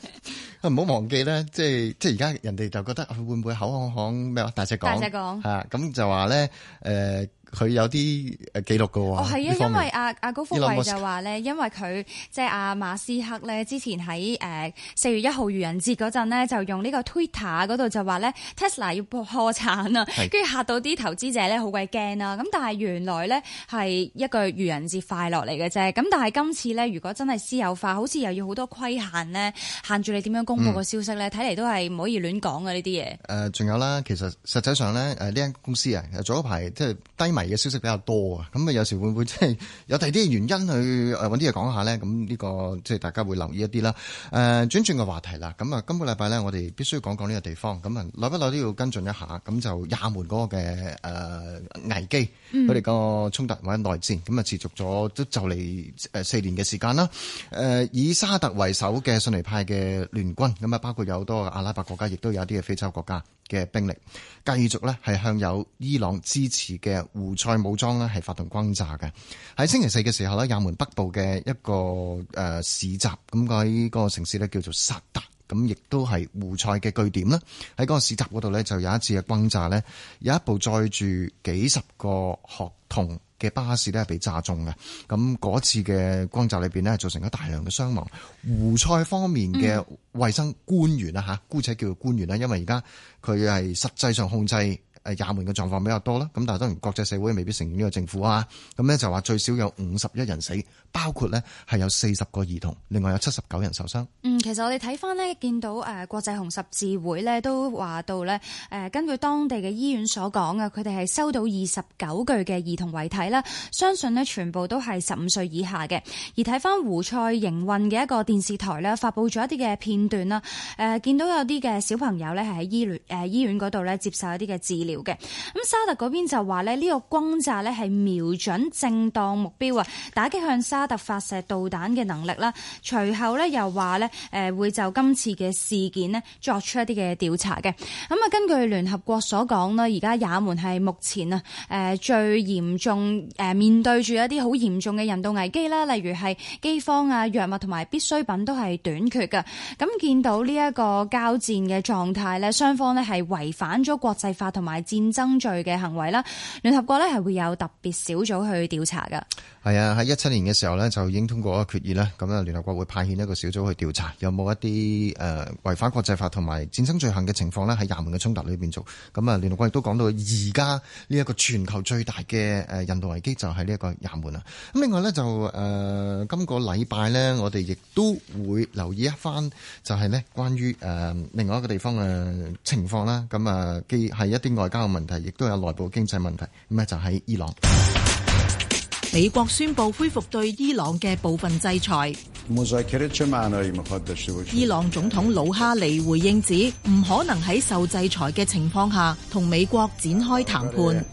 唔好 忘記咧，即係即係而家人哋就覺得佢會唔會口行行咩話大隻講？大隻講咁就話咧誒。呃佢有啲誒記錄嘅喎，哦係啊，因為阿阿高福偉就話咧，因為佢即係阿馬斯克咧，之前喺誒四月一號愚人節嗰陣咧，就用呢個 Twitter 嗰度就話咧 Tesla 要破產啊，跟住是的 嚇到啲投資者咧好鬼驚啊！咁但係原來咧係一個愚人節快樂嚟嘅啫。咁但係今次咧，如果真係私有化，好似又要好多規限咧，限住你點樣公佈個消息咧，睇嚟、嗯、都係唔可以亂講嘅呢啲嘢。誒、呃，仲有啦，其實實際上咧，誒呢間公司啊，早一排即係低迷嘅消息比較多啊，咁啊有時會唔會即係有第啲原因去誒搵啲嘢講下咧？咁呢個即係大家會留意一啲啦。誒、呃、轉轉個話題啦，咁啊今個禮拜咧，我哋必須講講呢個地方，咁啊耐不耐都要跟進一下。咁就也門嗰個嘅危機，佢哋、嗯、個衝突或者內戰，咁啊持續咗都就嚟四年嘅時間啦。誒、呃、以沙特為首嘅遜尼派嘅聯軍，咁啊包括有好多阿拉伯國家，亦都有一啲嘅非洲國家。嘅兵力繼續咧係向有伊朗支持嘅胡塞武裝咧係發動轟炸嘅。喺星期四嘅時候咧也門北部嘅一個誒、呃、市集，咁佢喺個城市咧叫做薩達。咁亦都係胡塞嘅據點啦，喺嗰個市集嗰度咧，就有一次嘅轟炸咧，有一部載住幾十個學童嘅巴士咧，係被炸中嘅。咁嗰次嘅轟炸裏邊咧，係造成咗大量嘅傷亡。胡塞方面嘅衛生官員啊，吓，姑且叫做官員啦，因為而家佢係實際上控制也門嘅狀況比較多啦。咁但係當然國際社會未必承認呢個政府啊。咁咧就話最少有五十一人死。包括咧係有四十個兒童，另外有七十九人受傷。嗯，其實我哋睇翻咧，見到誒國際紅十字會咧都話到咧，誒、呃、根據當地嘅醫院所講啊，佢哋係收到二十九具嘅兒童遺體啦，相信咧全部都係十五歲以下嘅。而睇翻胡塞營運嘅一個電視台咧，發布咗一啲嘅片段啦，誒、呃、見到有啲嘅小朋友咧係喺醫院誒醫院嗰度咧接受一啲嘅治療嘅。咁沙特嗰邊就話咧，呢個轟炸咧係瞄準正當目標啊，打擊向沙加特發射導彈嘅能力啦，隨後咧，又話咧，誒會就今次嘅事件咧作出一啲嘅調查嘅。咁啊，根據聯合國所講咧，而家也門係目前啊，誒最嚴重誒面對住一啲好嚴重嘅人道危機啦，例如係饑荒啊、藥物同埋必需品都係短缺嘅。咁見到呢一個交戰嘅狀態咧，雙方呢係違反咗國際法同埋戰爭罪嘅行為啦。聯合國呢係會有特別小組去調查嘅。係啊，喺一七年嘅時候呢，就已經通過了決議啦。咁啊，聯合國會派遣一個小組去調查有冇一啲誒違反國際法同埋戰爭罪行嘅情況呢，喺也門嘅衝突裏邊做。咁、嗯、啊，聯合國亦都講到而家呢一個全球最大嘅誒人道危機就喺呢一個也門啊。咁、嗯、另外呢，就誒、呃、今個禮拜呢，我哋亦都會留意一翻，就係呢，關於誒另外一個地方嘅情況啦。咁、嗯、啊，既係一啲外交嘅問題，亦都有內部經濟問題，咁啊就喺、是、伊朗。美國宣布恢復對伊朗嘅部分制裁。伊朗總統魯哈尼回應指，唔可能喺受制裁嘅情況下同美國展開談判。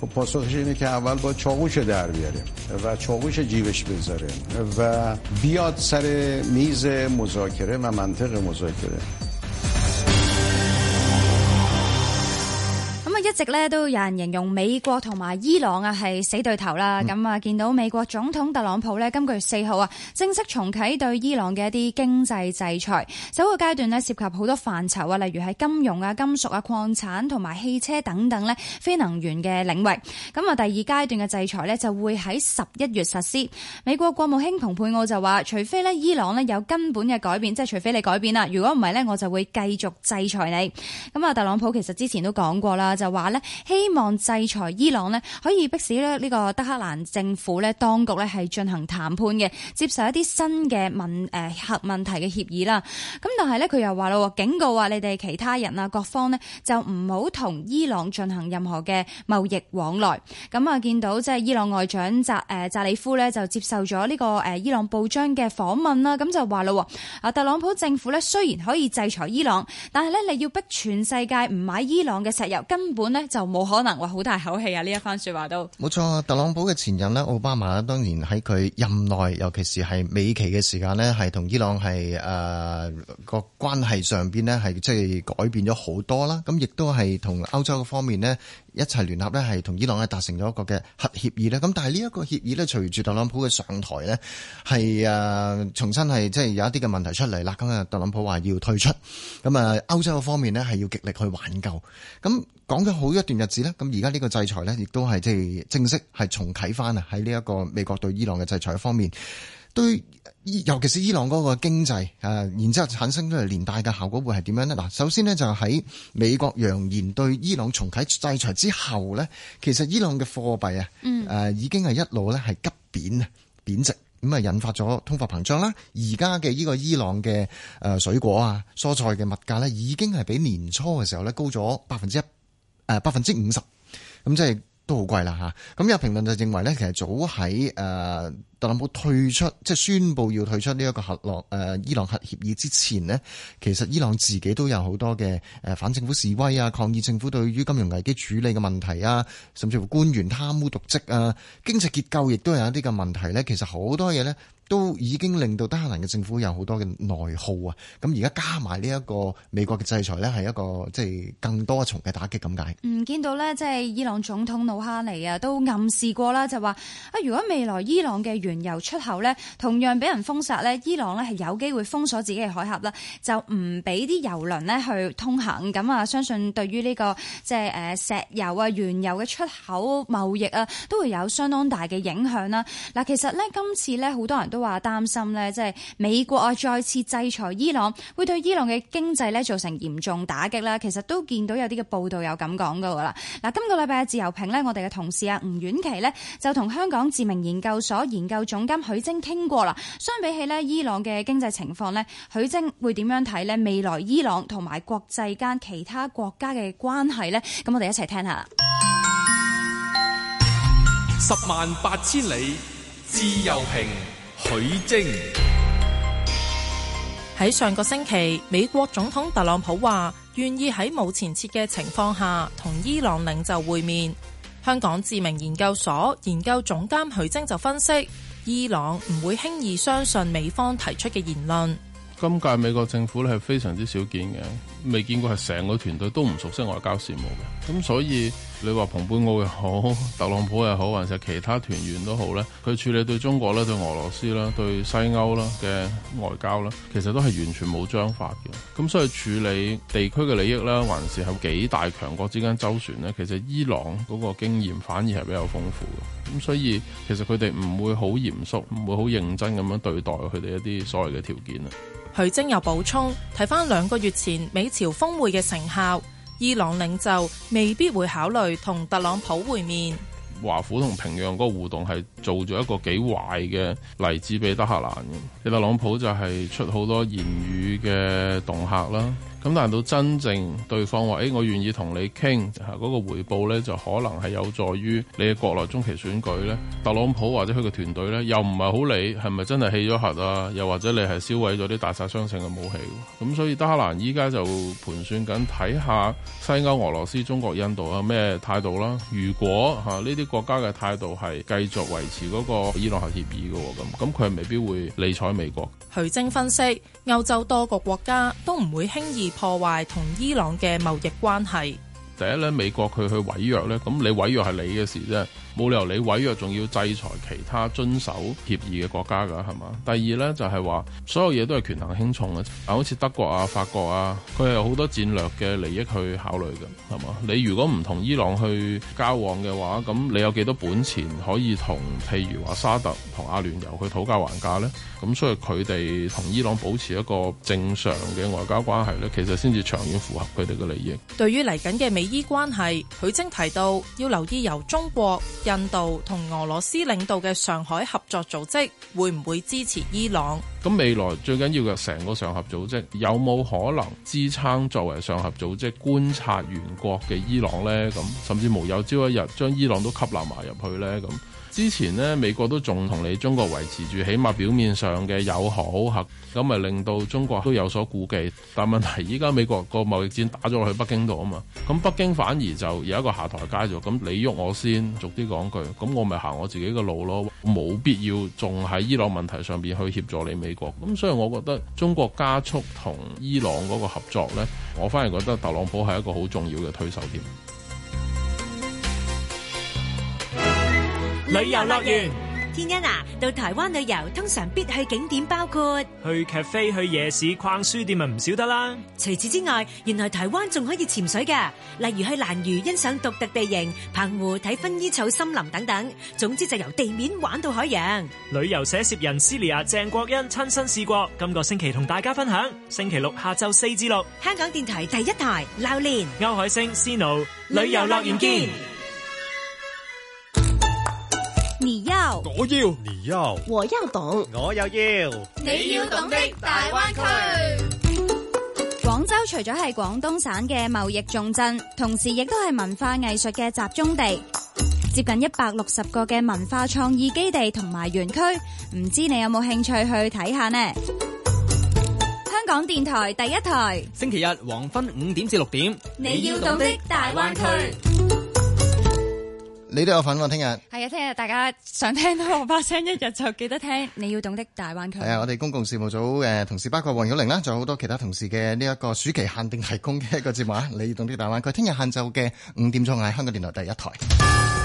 一直咧都有人形容美國同埋伊朗啊係死對頭啦。咁啊，見到美國總統特朗普咧，今個月四號啊，正式重啟對伊朗嘅一啲經濟制裁。首個階段咧涉及好多範疇啊，例如係金融啊、金屬啊、礦產同埋汽車等等咧，非能源嘅領域。咁啊，第二階段嘅制裁咧就會喺十一月實施。美國國務卿蓬佩奧就話：除非咧伊朗咧有根本嘅改變，即係除非你改變啦，如果唔係咧，我就會繼續制裁你。咁啊，特朗普其實之前都講過啦，就。話咧，希望制裁伊朗咧，可以迫使咧呢個德黑蘭政府咧當局咧係進行談判嘅，接受一啲新嘅問誒核問題嘅協議啦。咁但係咧佢又話咯，警告話你哋其他人啊各方咧就唔好同伊朗進行任何嘅貿易往來。咁啊見到即係伊朗外長扎誒、呃、扎里夫咧就接受咗呢個誒伊朗報章嘅訪問啦，咁就話咯，啊特朗普政府咧雖然可以制裁伊朗，但係咧你要逼全世界唔買伊朗嘅石油根。本呢就冇可能話，好大口氣啊！呢一番說話都冇錯啊！特朗普嘅前任呢，奧巴馬呢，當年喺佢任內，尤其是係尾期嘅時間呢，係同伊朗係誒個關係上邊呢，係即係改變咗好多啦。咁亦都係同歐洲嘅方面呢。一齊聯合咧，係同伊朗咧達成咗一個嘅核協議咧。咁但係呢一個協議咧，隨住特朗普嘅上台咧，係、呃、啊重新係即係有一啲嘅問題出嚟啦。咁啊，特朗普話要退出。咁啊，歐洲嘅方面呢，係要極力去挽救。咁講咗好一段日子咧，咁而家呢個制裁咧，亦都係即係正式係重啟返啊！喺呢一個美國對伊朗嘅制裁方面，對。尤其是伊朗嗰個經濟，誒，然之後產生咗連帶嘅效果會係點樣呢？嗱，首先呢，就喺美國揚言對伊朗重啟制裁之後呢，其實伊朗嘅貨幣啊，誒，已經係一路咧係急貶啊，貶值，咁啊，引發咗通貨膨脹啦。而家嘅呢個伊朗嘅誒水果啊、蔬菜嘅物價呢，已經係比年初嘅時候呢高咗百分之一，誒、呃，百分之五十，咁即係。都好貴啦吓，咁有評論就認為咧，其實早喺誒、呃、特朗普退出，即係宣布要退出呢一個核諾、呃、伊朗核協議之前呢，其實伊朗自己都有好多嘅反政府示威啊、抗議政府對於金融危機處理嘅問題啊，甚至乎官員貪污瀆職啊、經濟結構亦都有一啲嘅問題咧。其實好多嘢咧。都已經令到德黑蘭嘅政府有好多嘅內耗啊！咁而家加埋呢一個美國嘅制裁呢，係一個即係更多重嘅打擊咁解。唔見到呢，即係伊朗總統魯哈尼啊，都暗示過啦，就話啊，如果未來伊朗嘅原油出口呢，同樣俾人封殺呢，伊朗呢係有機會封鎖自己嘅海峽啦，就唔俾啲油輪呢去通行。咁啊，相信對於呢個即係誒石油啊、原油嘅出口貿易啊，都會有相當大嘅影響啦。嗱，其實呢，今次呢，好多人。都話擔心咧，即係美國啊再次制裁伊朗，會對伊朗嘅經濟咧造成嚴重打擊啦。其實都見到有啲嘅報道有咁講噶啦。嗱，今個禮拜嘅自由評咧，我哋嘅同事啊吳婉琪咧就同香港智明研究所研究總監許晶傾過啦。相比起咧伊朗嘅經濟情況咧，許晶會點樣睇咧未來伊朗同埋國際間其他國家嘅關係呢？咁我哋一齊聽下。十萬八千里自由評。許晶喺上個星期，美國總統特朗普話願意喺冇前設嘅情況下同伊朗領袖會面。香港智明研究所研究總監許晶就分析，伊朗唔會輕易相信美方提出嘅言論。今屆美國政府咧係非常之少見嘅，未見過係成個團隊都唔熟悉外交事務嘅，咁所以。你話蓬佩奧又好，特朗普又好，還是其他團員都好咧，佢處理對中國啦、對俄羅斯啦、對西歐啦嘅外交啦，其實都係完全冇章法嘅。咁所以處理地區嘅利益啦，還是有幾大強國之間周旋呢，其實伊朗嗰個經驗反而係比較豐富的。咁所以其實佢哋唔會好嚴肅，唔會好認真咁樣對待佢哋一啲所謂嘅條件啊。許楨又補充，睇返兩個月前美朝峰會嘅成效。伊朗領袖未必會考慮同特朗普會面。華府同平壤嗰個互動係做咗一個幾壞嘅例子俾德黑蘭嘅，特朗普就係出好多言語嘅恫嚇啦。咁難道真正對方話，欸，我願意同你傾，嗰，那個回報呢就可能係有助於你嘅國內中期選舉呢，特朗普或者佢嘅團隊呢，又唔係好理係咪真係棄咗核啊？又或者你係燒毀咗啲大殺傷性嘅武器？咁所以，德黑蘭依家就盤算緊睇下西歐、俄羅斯、中國、印度啊咩態度啦。如果呢啲國家嘅態度係繼續維持嗰個伊朗核協議嘅喎，咁咁佢係未必會理睬美國。徐晶分析，歐洲多個國家都唔會輕易。破壞同伊朗嘅貿易關係。第一咧，美國佢去毀約咧，咁你毀約係你嘅事啫。冇理由你毀約，仲要制裁其他遵守協議嘅國家㗎，係嘛？第二呢，就係話，所有嘢都係權衡輕重嘅。好似德國啊、法國啊，佢係有好多戰略嘅利益去考慮嘅，係嘛？你如果唔同伊朗去交往嘅話，咁你有幾多本錢可以同譬如話沙特同阿聯酋去討價還價呢？咁所以佢哋同伊朗保持一個正常嘅外交關係呢，其實先至長遠符合佢哋嘅利益。對於嚟緊嘅美伊關係，許晶提到要留意由中國。印度同俄羅斯領導嘅上海合作組織會唔會支持伊朗？咁未來最緊要嘅成個上合組織有冇可能支撐作為上合組織觀察員國嘅伊朗呢？咁甚至無有朝一日將伊朗都吸納埋入去呢？咁？之前呢，美國都仲同你中國維持住，起碼表面上嘅友好合，咁咪令到中國都有所顧忌。但問題依家美國個貿易戰打咗落去北京度啊嘛，咁北京反而就有一個下台階就咁你喐我先，逐啲講句，咁我咪行我自己嘅路咯，冇必要仲喺伊朗問題上面去協助你美國。咁所以我覺得中國加速同伊朗嗰個合作呢，我反而覺得特朗普係一個好重要嘅推手添。旅遊樂園，天恩啊，到台灣旅遊通常必去景點包括去 cafe、去夜市、逛書店啊，唔少得啦。除此之外，原來台灣仲可以潛水嘅，例如去蘭嶼欣賞獨特地形、澎湖睇薰衣草森林等等。總之就由地面玩到海洋。旅遊寫攝人 Cilia 鄭國恩親身試過，今個星期同大家分享。星期六下晝四至六，香港電台第一台流年，歐海星 Sino，旅遊樂園見。你要，我要，你要，我，我又要。你要懂的大灣區，廣州除咗係廣東省嘅貿易重鎮，同時亦都係文化藝術嘅集中地，接近一百六十個嘅文化創意基地同埋園區，唔知你有冇興趣去睇下呢？香港電台第一台，星期日黃昏五點至六點，你要懂的大灣區。你都有份喎，聽日係啊！聽日大家想聽到我把聲，一日就記得聽。你要懂的大灣區係啊！我哋公共事務組誒同事包括黃曉玲啦，仲有好多其他同事嘅呢一個暑期限定提供嘅一個節目啊！ 你要懂的大灣區，聽日晏晝嘅五點鐘喺香港電台第一台。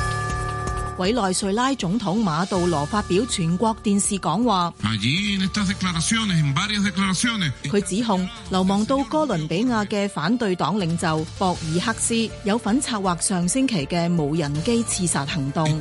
委內瑞拉總統馬杜羅發表全國電視講話，佢指控流亡到哥倫比亞嘅反對黨領袖博爾克斯有份策劃上星期嘅無人機刺殺行動。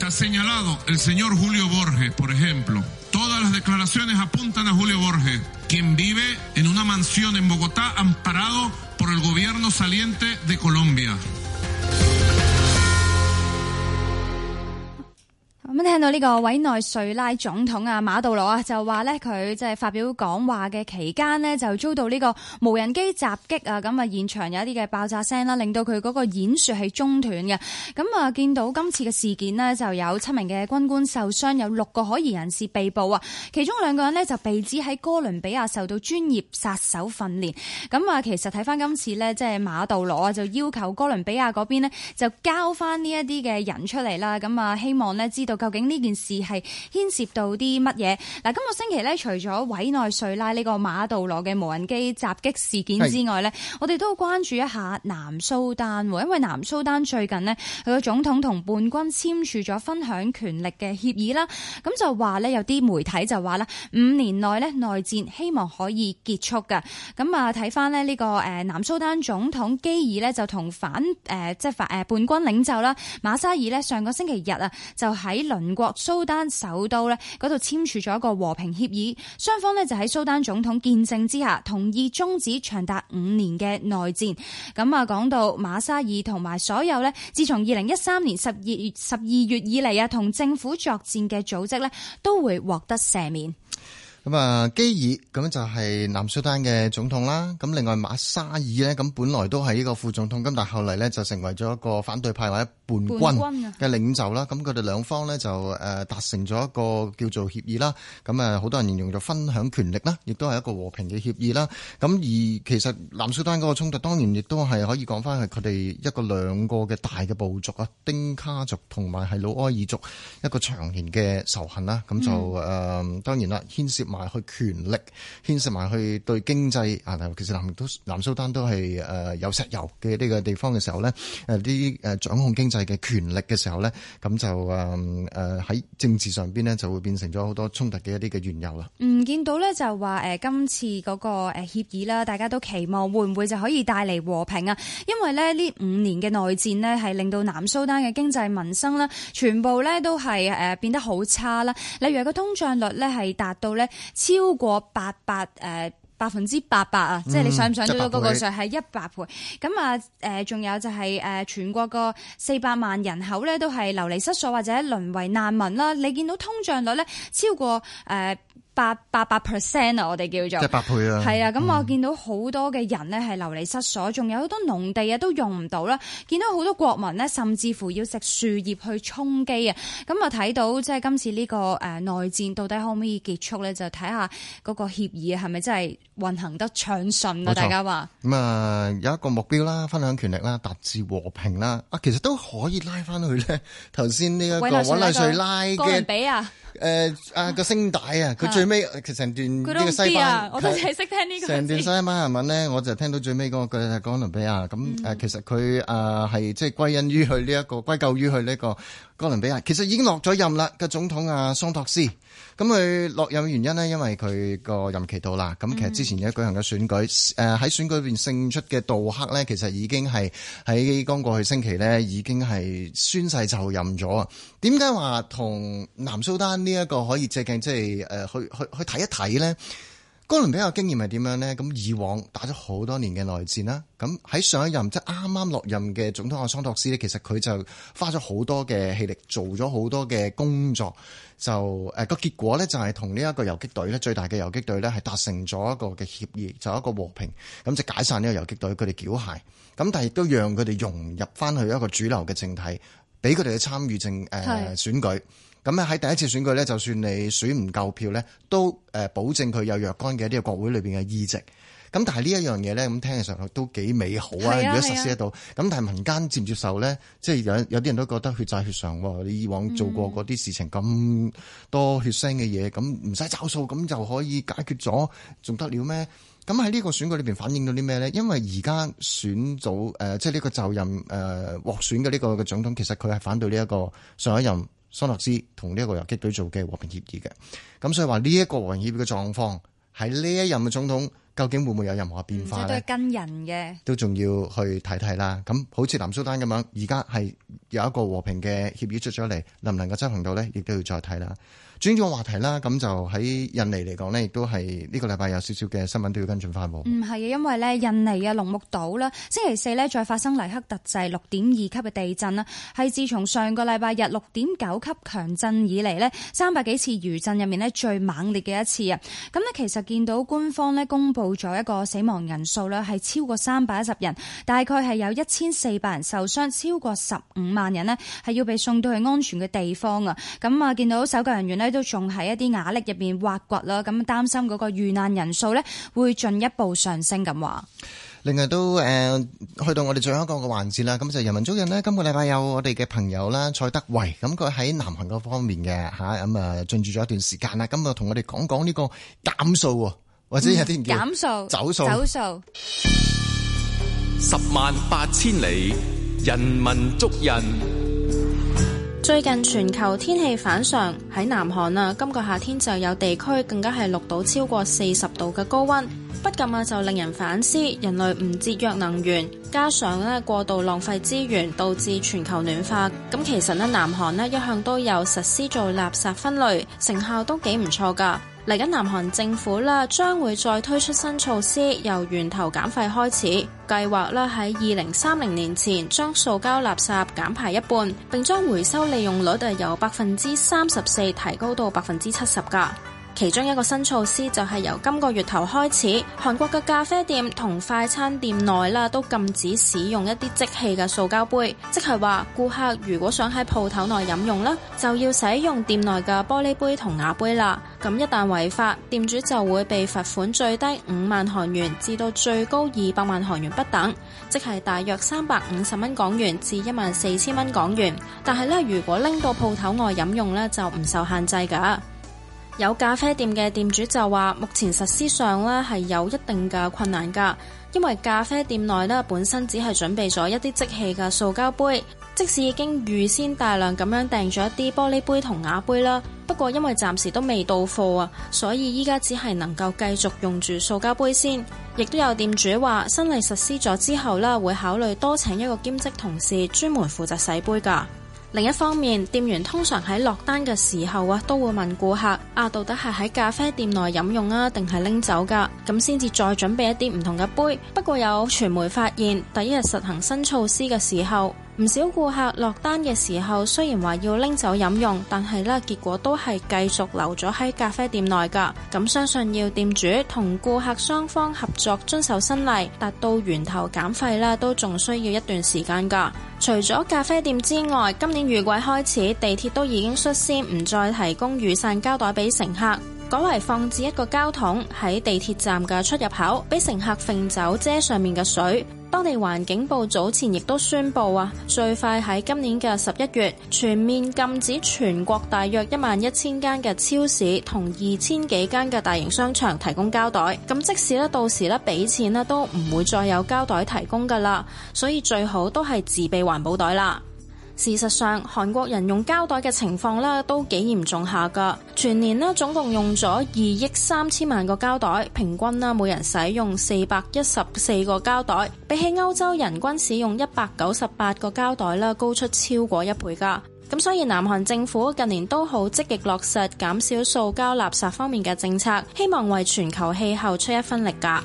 咁聽到呢個委內瑞拉總統啊馬杜羅啊，就話咧佢即係發表講話嘅期間咧，就遭到呢個無人機襲擊啊！咁啊，現場有一啲嘅爆炸聲啦，令到佢嗰個演說係中斷嘅。咁啊，見到今次嘅事件咧，就有七名嘅軍官受傷，有六個可疑人士被捕啊。其中兩個人咧就被指喺哥倫比亞受到專業殺手訓練，咁啊，其實睇翻，今次咧，即係馬杜羅啊，就要求哥倫比亞嗰邊咧就交翻呢一啲嘅人出嚟。啦咁啊，希望咧知道。究竟呢件事係牽涉到啲乜嘢？嗱，今個星期咧，除咗委內瑞拉呢個馬杜羅嘅無人機襲擊事件之外咧，是的 我哋都關注一下南蘇丹，因為南蘇丹最近咧，佢個總統同叛軍簽署咗分享權力嘅協議啦。咁就話咧，有啲媒體就話咧，五年內咧內戰希望可以結束噶，咁啊，睇翻咧呢個誒南蘇丹總統基爾咧，就同反誒即係反誒叛軍領袖啦馬沙爾咧，上個星期日啊就喺鄰國蘇丹首都呢嗰度簽署咗一個和平協議，雙方呢就喺蘇丹總統見證之下，同意終止長達五年嘅內戰。咁啊，講到馬沙爾同埋所有呢，自從二零一三年十二月十二月以嚟啊，同政府作戰嘅組織呢都會獲得赦免。咁啊，基爾咁就係南蘇丹嘅總統啦。咁另外馬沙爾呢，咁本來都係呢個副總統，咁但係後嚟呢就成為咗一個反對派或者。叛軍嘅領袖啦，咁佢哋兩方呢就誒達成咗一個叫做協議啦，咁啊好多人形容就分享權力啦，亦都係一個和平嘅協議啦。咁而其實南蘇丹嗰個衝突，當然亦都係可以講翻係佢哋一個兩個嘅大嘅部族啊，丁卡族同埋係努埃爾族一個長年嘅仇恨啦。咁就誒、嗯、當然啦，牽涉埋去權力，牽涉埋去對經濟啊。嗱，其實南都南蘇丹都係誒有石油嘅呢個地方嘅時候呢，誒啲誒掌控經濟。嘅權力嘅時候咧，咁就誒誒喺政治上邊呢，就會變成咗好多衝突嘅一啲嘅緣由啦。嗯，見到咧就話誒、呃、今次嗰個誒協議啦，大家都期望會唔會就可以帶嚟和平啊？因為咧呢五年嘅內戰呢，係令到南蘇丹嘅經濟民生呢，全部咧都係誒變得好差啦。例如個通脹率咧係達到咧超過八百誒。百分之八百啊，即係、嗯、你想唔想到嗰個數係一百倍，咁啊倍，誒，仲有就係誒，全國個四百萬人口咧都係流離失所或者淪為難民啦，你見到通脹率咧超過誒。呃八八八 percent 啊，我哋叫做即八倍啊。係啊，咁我見到好多嘅人呢係流離失所，仲、嗯、有好多農地啊都用唔到啦。見到好多國民呢，甚至乎要食樹葉去充飢啊。咁啊，睇到即係今次呢個誒內戰到底可唔可以結束咧？就睇下嗰個協議係咪真係運行得暢順啊？冇錯，大家話咁啊，有一個目標啦，分享權力啦，達至和平啦。啊，其實都可以拉翻去咧。頭先呢一個委內瑞拉嘅。哥倫比亞！誒、呃、啊個聲帶啊佢、啊、最尾其實成段呢個西班牙、啊、我都淨係識聽呢個成段西班牙文咧，我就聽到最尾個句係哥倫比亞咁。誒、嗯啊、其實佢啊，係即係歸因於佢呢一個歸咎於佢呢、呢個哥倫比亞其實已經落咗任啦嘅總統阿桑托斯，咁佢落任嘅原因呢？因為佢個任期到啦。咁其實之前已經舉行嘅選舉，誒喺、嗯呃、選舉裏邊勝出嘅杜克咧，其實已經係喺剛過去星期咧已經係宣誓就任咗啊。點解話同南蘇丹呢一個可以借鏡，即係誒、呃、去去去睇一睇咧？哥倫比亞經驗係點樣咧？咁以往打咗好多年嘅內戰啦，咁喺上一任即係啱啱落任嘅總統阿桑托斯咧，其實佢就花咗好多嘅氣力，做咗好多嘅工作，就誒個、呃、結果咧，就係同呢一個遊擊隊咧，最大嘅遊擊隊咧，係達成咗一個嘅協議，就是、一個和平，咁就解散呢個遊擊隊，佢哋繳械，咁但係亦都讓佢哋融入翻去一個主流嘅政體，俾佢哋嘅參與政誒選舉。呃咁喺第一次選舉咧，就算你選唔夠票咧，都誒保證佢有若干嘅呢個國會裏面嘅議席。咁但係呢一樣嘢咧，咁聽嘅時候都幾美好啊！如果實施得到咁，啊、但係民間接唔接受咧？即係有有啲人都覺得血債血償喎、哦。你以往做過嗰啲事情咁、嗯、多血腥嘅嘢，咁唔使找數咁就可以解決咗，仲得了咩？咁喺呢個選舉裏面反映到啲咩咧？因為而家選到誒，即係呢個就任誒、呃、獲選嘅呢個嘅總統，其實佢係反對呢一個上一任。桑託斯同呢一個游擊隊做嘅和平協議嘅，咁所以話呢一個和平協議嘅狀況喺呢一任嘅總統究竟會唔會有任何嘅變化？都係跟人嘅，都仲要去睇睇啦。咁好似南蘇丹咁樣，而家係有一個和平嘅協議出咗嚟，能唔能夠執行到咧？亦都要再睇啦。轉咗個話題啦，咁就喺印尼嚟講呢亦都係呢個禮拜有少少嘅新聞都要跟進翻喎。嗯，係啊，因為呢印尼嘅龍目島啦，星期四呢再發生黎克特制六點二級嘅地震啦，係自從上個禮拜日六點九級強震以嚟呢，三百幾次餘震入面呢，最猛烈嘅一次啊。咁呢其實見到官方呢公佈咗一個死亡人數呢係超過三百一十人，大概係有一千四百人受傷，超過十五萬人呢係要被送到去安全嘅地方啊。咁啊，見到搜救人員呢。喺度仲喺一啲瓦礫入邊挖掘咯，咁擔心嗰個遇難人數咧會進一步上升咁話。另外都誒，去到我哋最後一個嘅環節啦，咁就人民族人咧，今個禮拜有我哋嘅朋友啦，蔡德維，咁佢喺南韓嘅方面嘅吓，咁啊進駐咗一段時間啦，咁就同我哋講講呢個減數啊，或者有啲叫減數、走數、走數，十萬八千里人民族人。最近全球天氣反常，喺南韓啊，今個夏天就有地區更加係錄到超過四十度嘅高溫。不禁啊，就令人反思人類唔節約能源，加上咧過度浪費資源，導致全球暖化。咁其實咧，南韓咧一向都有實施做垃圾分類，成效都幾唔錯㗎。嚟緊，來南韓政府啦將會再推出新措施，由源頭減廢開始。計劃啦喺二零三零年前將塑膠垃圾減排一半，並將回收利用率由百分之三十四提高到百分之七十㗎。其中一個新措施就係由今個月頭開始，韓國嘅咖啡店同快餐店內啦，都禁止使用一啲即棄嘅塑膠杯，即係話顧客如果想喺鋪頭內飲用咧，就要使用店內嘅玻璃杯同瓦杯啦。咁一旦違法，店主就會被罰款最低五萬韓元至到最高二百萬韓元不等，即係大約三百五十蚊港元至一萬四千蚊港元。但係咧，如果拎到鋪頭外飲用咧，就唔受限制㗎。有咖啡店嘅店主就話，目前實施上咧係有一定嘅困難噶，因為咖啡店內呢本身只係準備咗一啲即棄嘅塑膠杯，即使已經預先大量咁樣訂咗一啲玻璃杯同瓦杯啦，不過因為暫時都未到貨啊，所以依家只係能夠繼續用住塑膠杯先。亦都有店主話，新例實施咗之後咧，會考慮多請一個兼職同事專門負責洗杯噶。另一方面，店員通常喺落單嘅時候啊，都會問顧客啊，到底係喺咖啡店內飲用啊，定係拎走㗎？咁先至再準備一啲唔同嘅杯。不過有傳媒發現，第一日實行新措施嘅時候，唔少顧客落單嘅時候，雖然話要拎走飲用，但係咧結果都係繼續留咗喺咖啡店內㗎。咁相信要店主同顧客雙方合作遵守新例，達到源頭減廢啦，都仲需要一段時間㗎。除咗咖啡店之外，今年雨季開始，地鐵都已經率先唔再提供雨傘膠袋俾乘客。改為放置一個膠桶喺地鐵站嘅出入口，俾乘客揈走遮上面嘅水。當地環境部早前亦都宣布啊，最快喺今年嘅十一月全面禁止全國大約一萬一千間嘅超市同二千幾間嘅大型商場提供膠袋。咁即使咧，到時咧俾錢咧都唔會再有膠袋提供噶啦，所以最好都係自備環保袋啦。事實上，韓國人用膠袋嘅情況咧都幾嚴重下噶。全年咧總共用咗二億三千萬個膠袋，平均啦每人使用四百一十四個膠袋，比起歐洲人均使用一百九十八個膠袋啦高出超過一倍噶。咁所以南韓政府近年都好積極落實減少塑膠垃圾方面嘅政策，希望為全球氣候出一分力噶。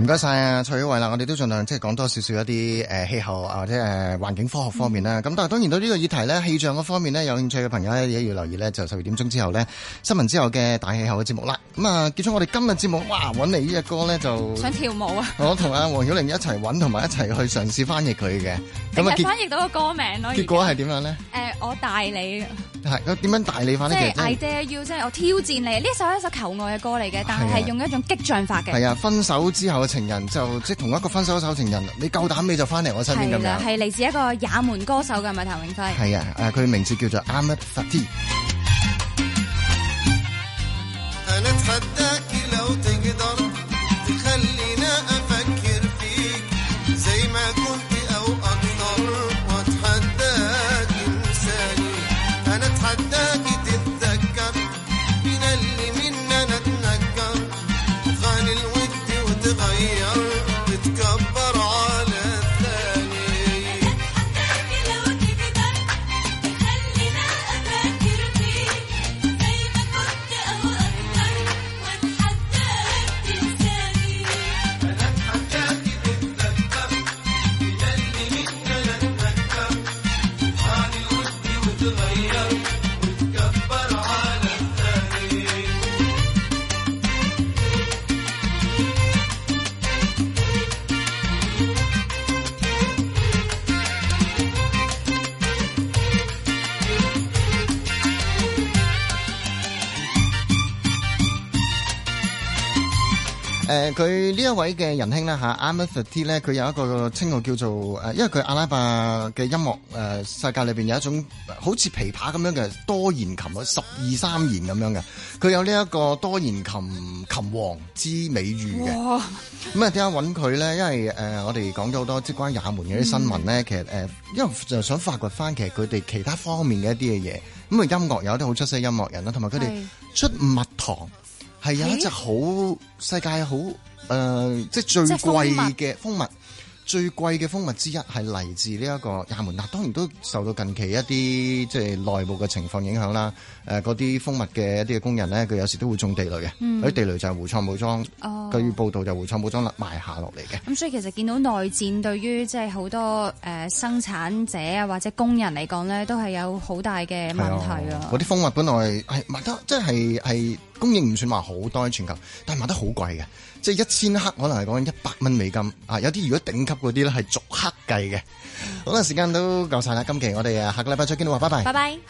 唔該晒啊，謝謝蔡曉慧啦，我哋都儘量即係講多少少一啲誒、呃、氣候啊或者誒環境科學方面啦。咁、嗯、但係當然對呢個議題咧，氣象嗰方面咧，有興趣嘅朋友咧，亦都要留意咧，就十二點鐘之後咧新聞之後嘅大氣候嘅節目啦。咁、嗯、啊，結束我哋今日節目，哇！揾嚟呢隻歌咧就想跳舞啊！我同阿黃曉玲一齊揾同埋一齊去嘗試翻譯佢嘅，咁啊 那，翻譯到個歌名咯。結，結果係點樣咧？誒、呃，我帶你係點樣帶你翻咧？即係、就是、I Dare You 即係我挑戰你。呢首係一首求愛嘅歌嚟嘅，但係用一種激將法嘅。係啊，啊，分手之後。情人就即同一個分手手情人，你夠膽你就翻嚟我身邊咁樣。係啦，係嚟自一個也門歌手嘅，係咪？譚永輝係啊，誒，佢名字叫做阿 佢呢一位嘅仁兄啦，啊，Amr Farid 咧，佢有一個稱號叫做誒，因為佢阿拉伯嘅音樂誒，呃，世界裏邊有一種好似琵琶咁樣嘅多弦琴，十二三弦咁樣嘅，佢有呢一個多弦琴琴王之美譽嘅。咁啊哇，點解揾佢咧？因為誒，呃，我哋講咗好多即關也門嘅啲新聞咧，嗯，其實誒，呃，因為就想發掘翻其實佢哋其他方面嘅一啲嘅嘢。咁啊，音樂有一啲好出色音樂人啦，同埋佢哋出蜜糖。係有一隻好世界好誒、呃，即係最貴嘅蜂蜜。最貴嘅蜂蜜之一係嚟自呢一個也門，當然都受到近期一啲即係內部嘅情況影響啦。誒，嗰啲蜂蜜嘅一啲嘅工人咧，佢有時都會種地雷嘅，嗰啲、嗯、地雷就係胡塞武裝，哦、據報道就是胡塞武裝埋下落嚟嘅。咁、嗯、所以其實見到內戰對於即係好多誒、呃、生產者啊或者工人嚟講咧，都係有好大嘅問題啊！嗰啲、哦、蜂蜜本來係賣得即係係供應唔算話好多喺全球，但係賣得好貴嘅。即係一千克可能係講一百蚊美金啊！有啲如果係頂級嗰啲咧係逐克計嘅。 好啦，時間都夠晒啦，今期我哋啊，下個禮拜再見啦，拜拜。拜拜。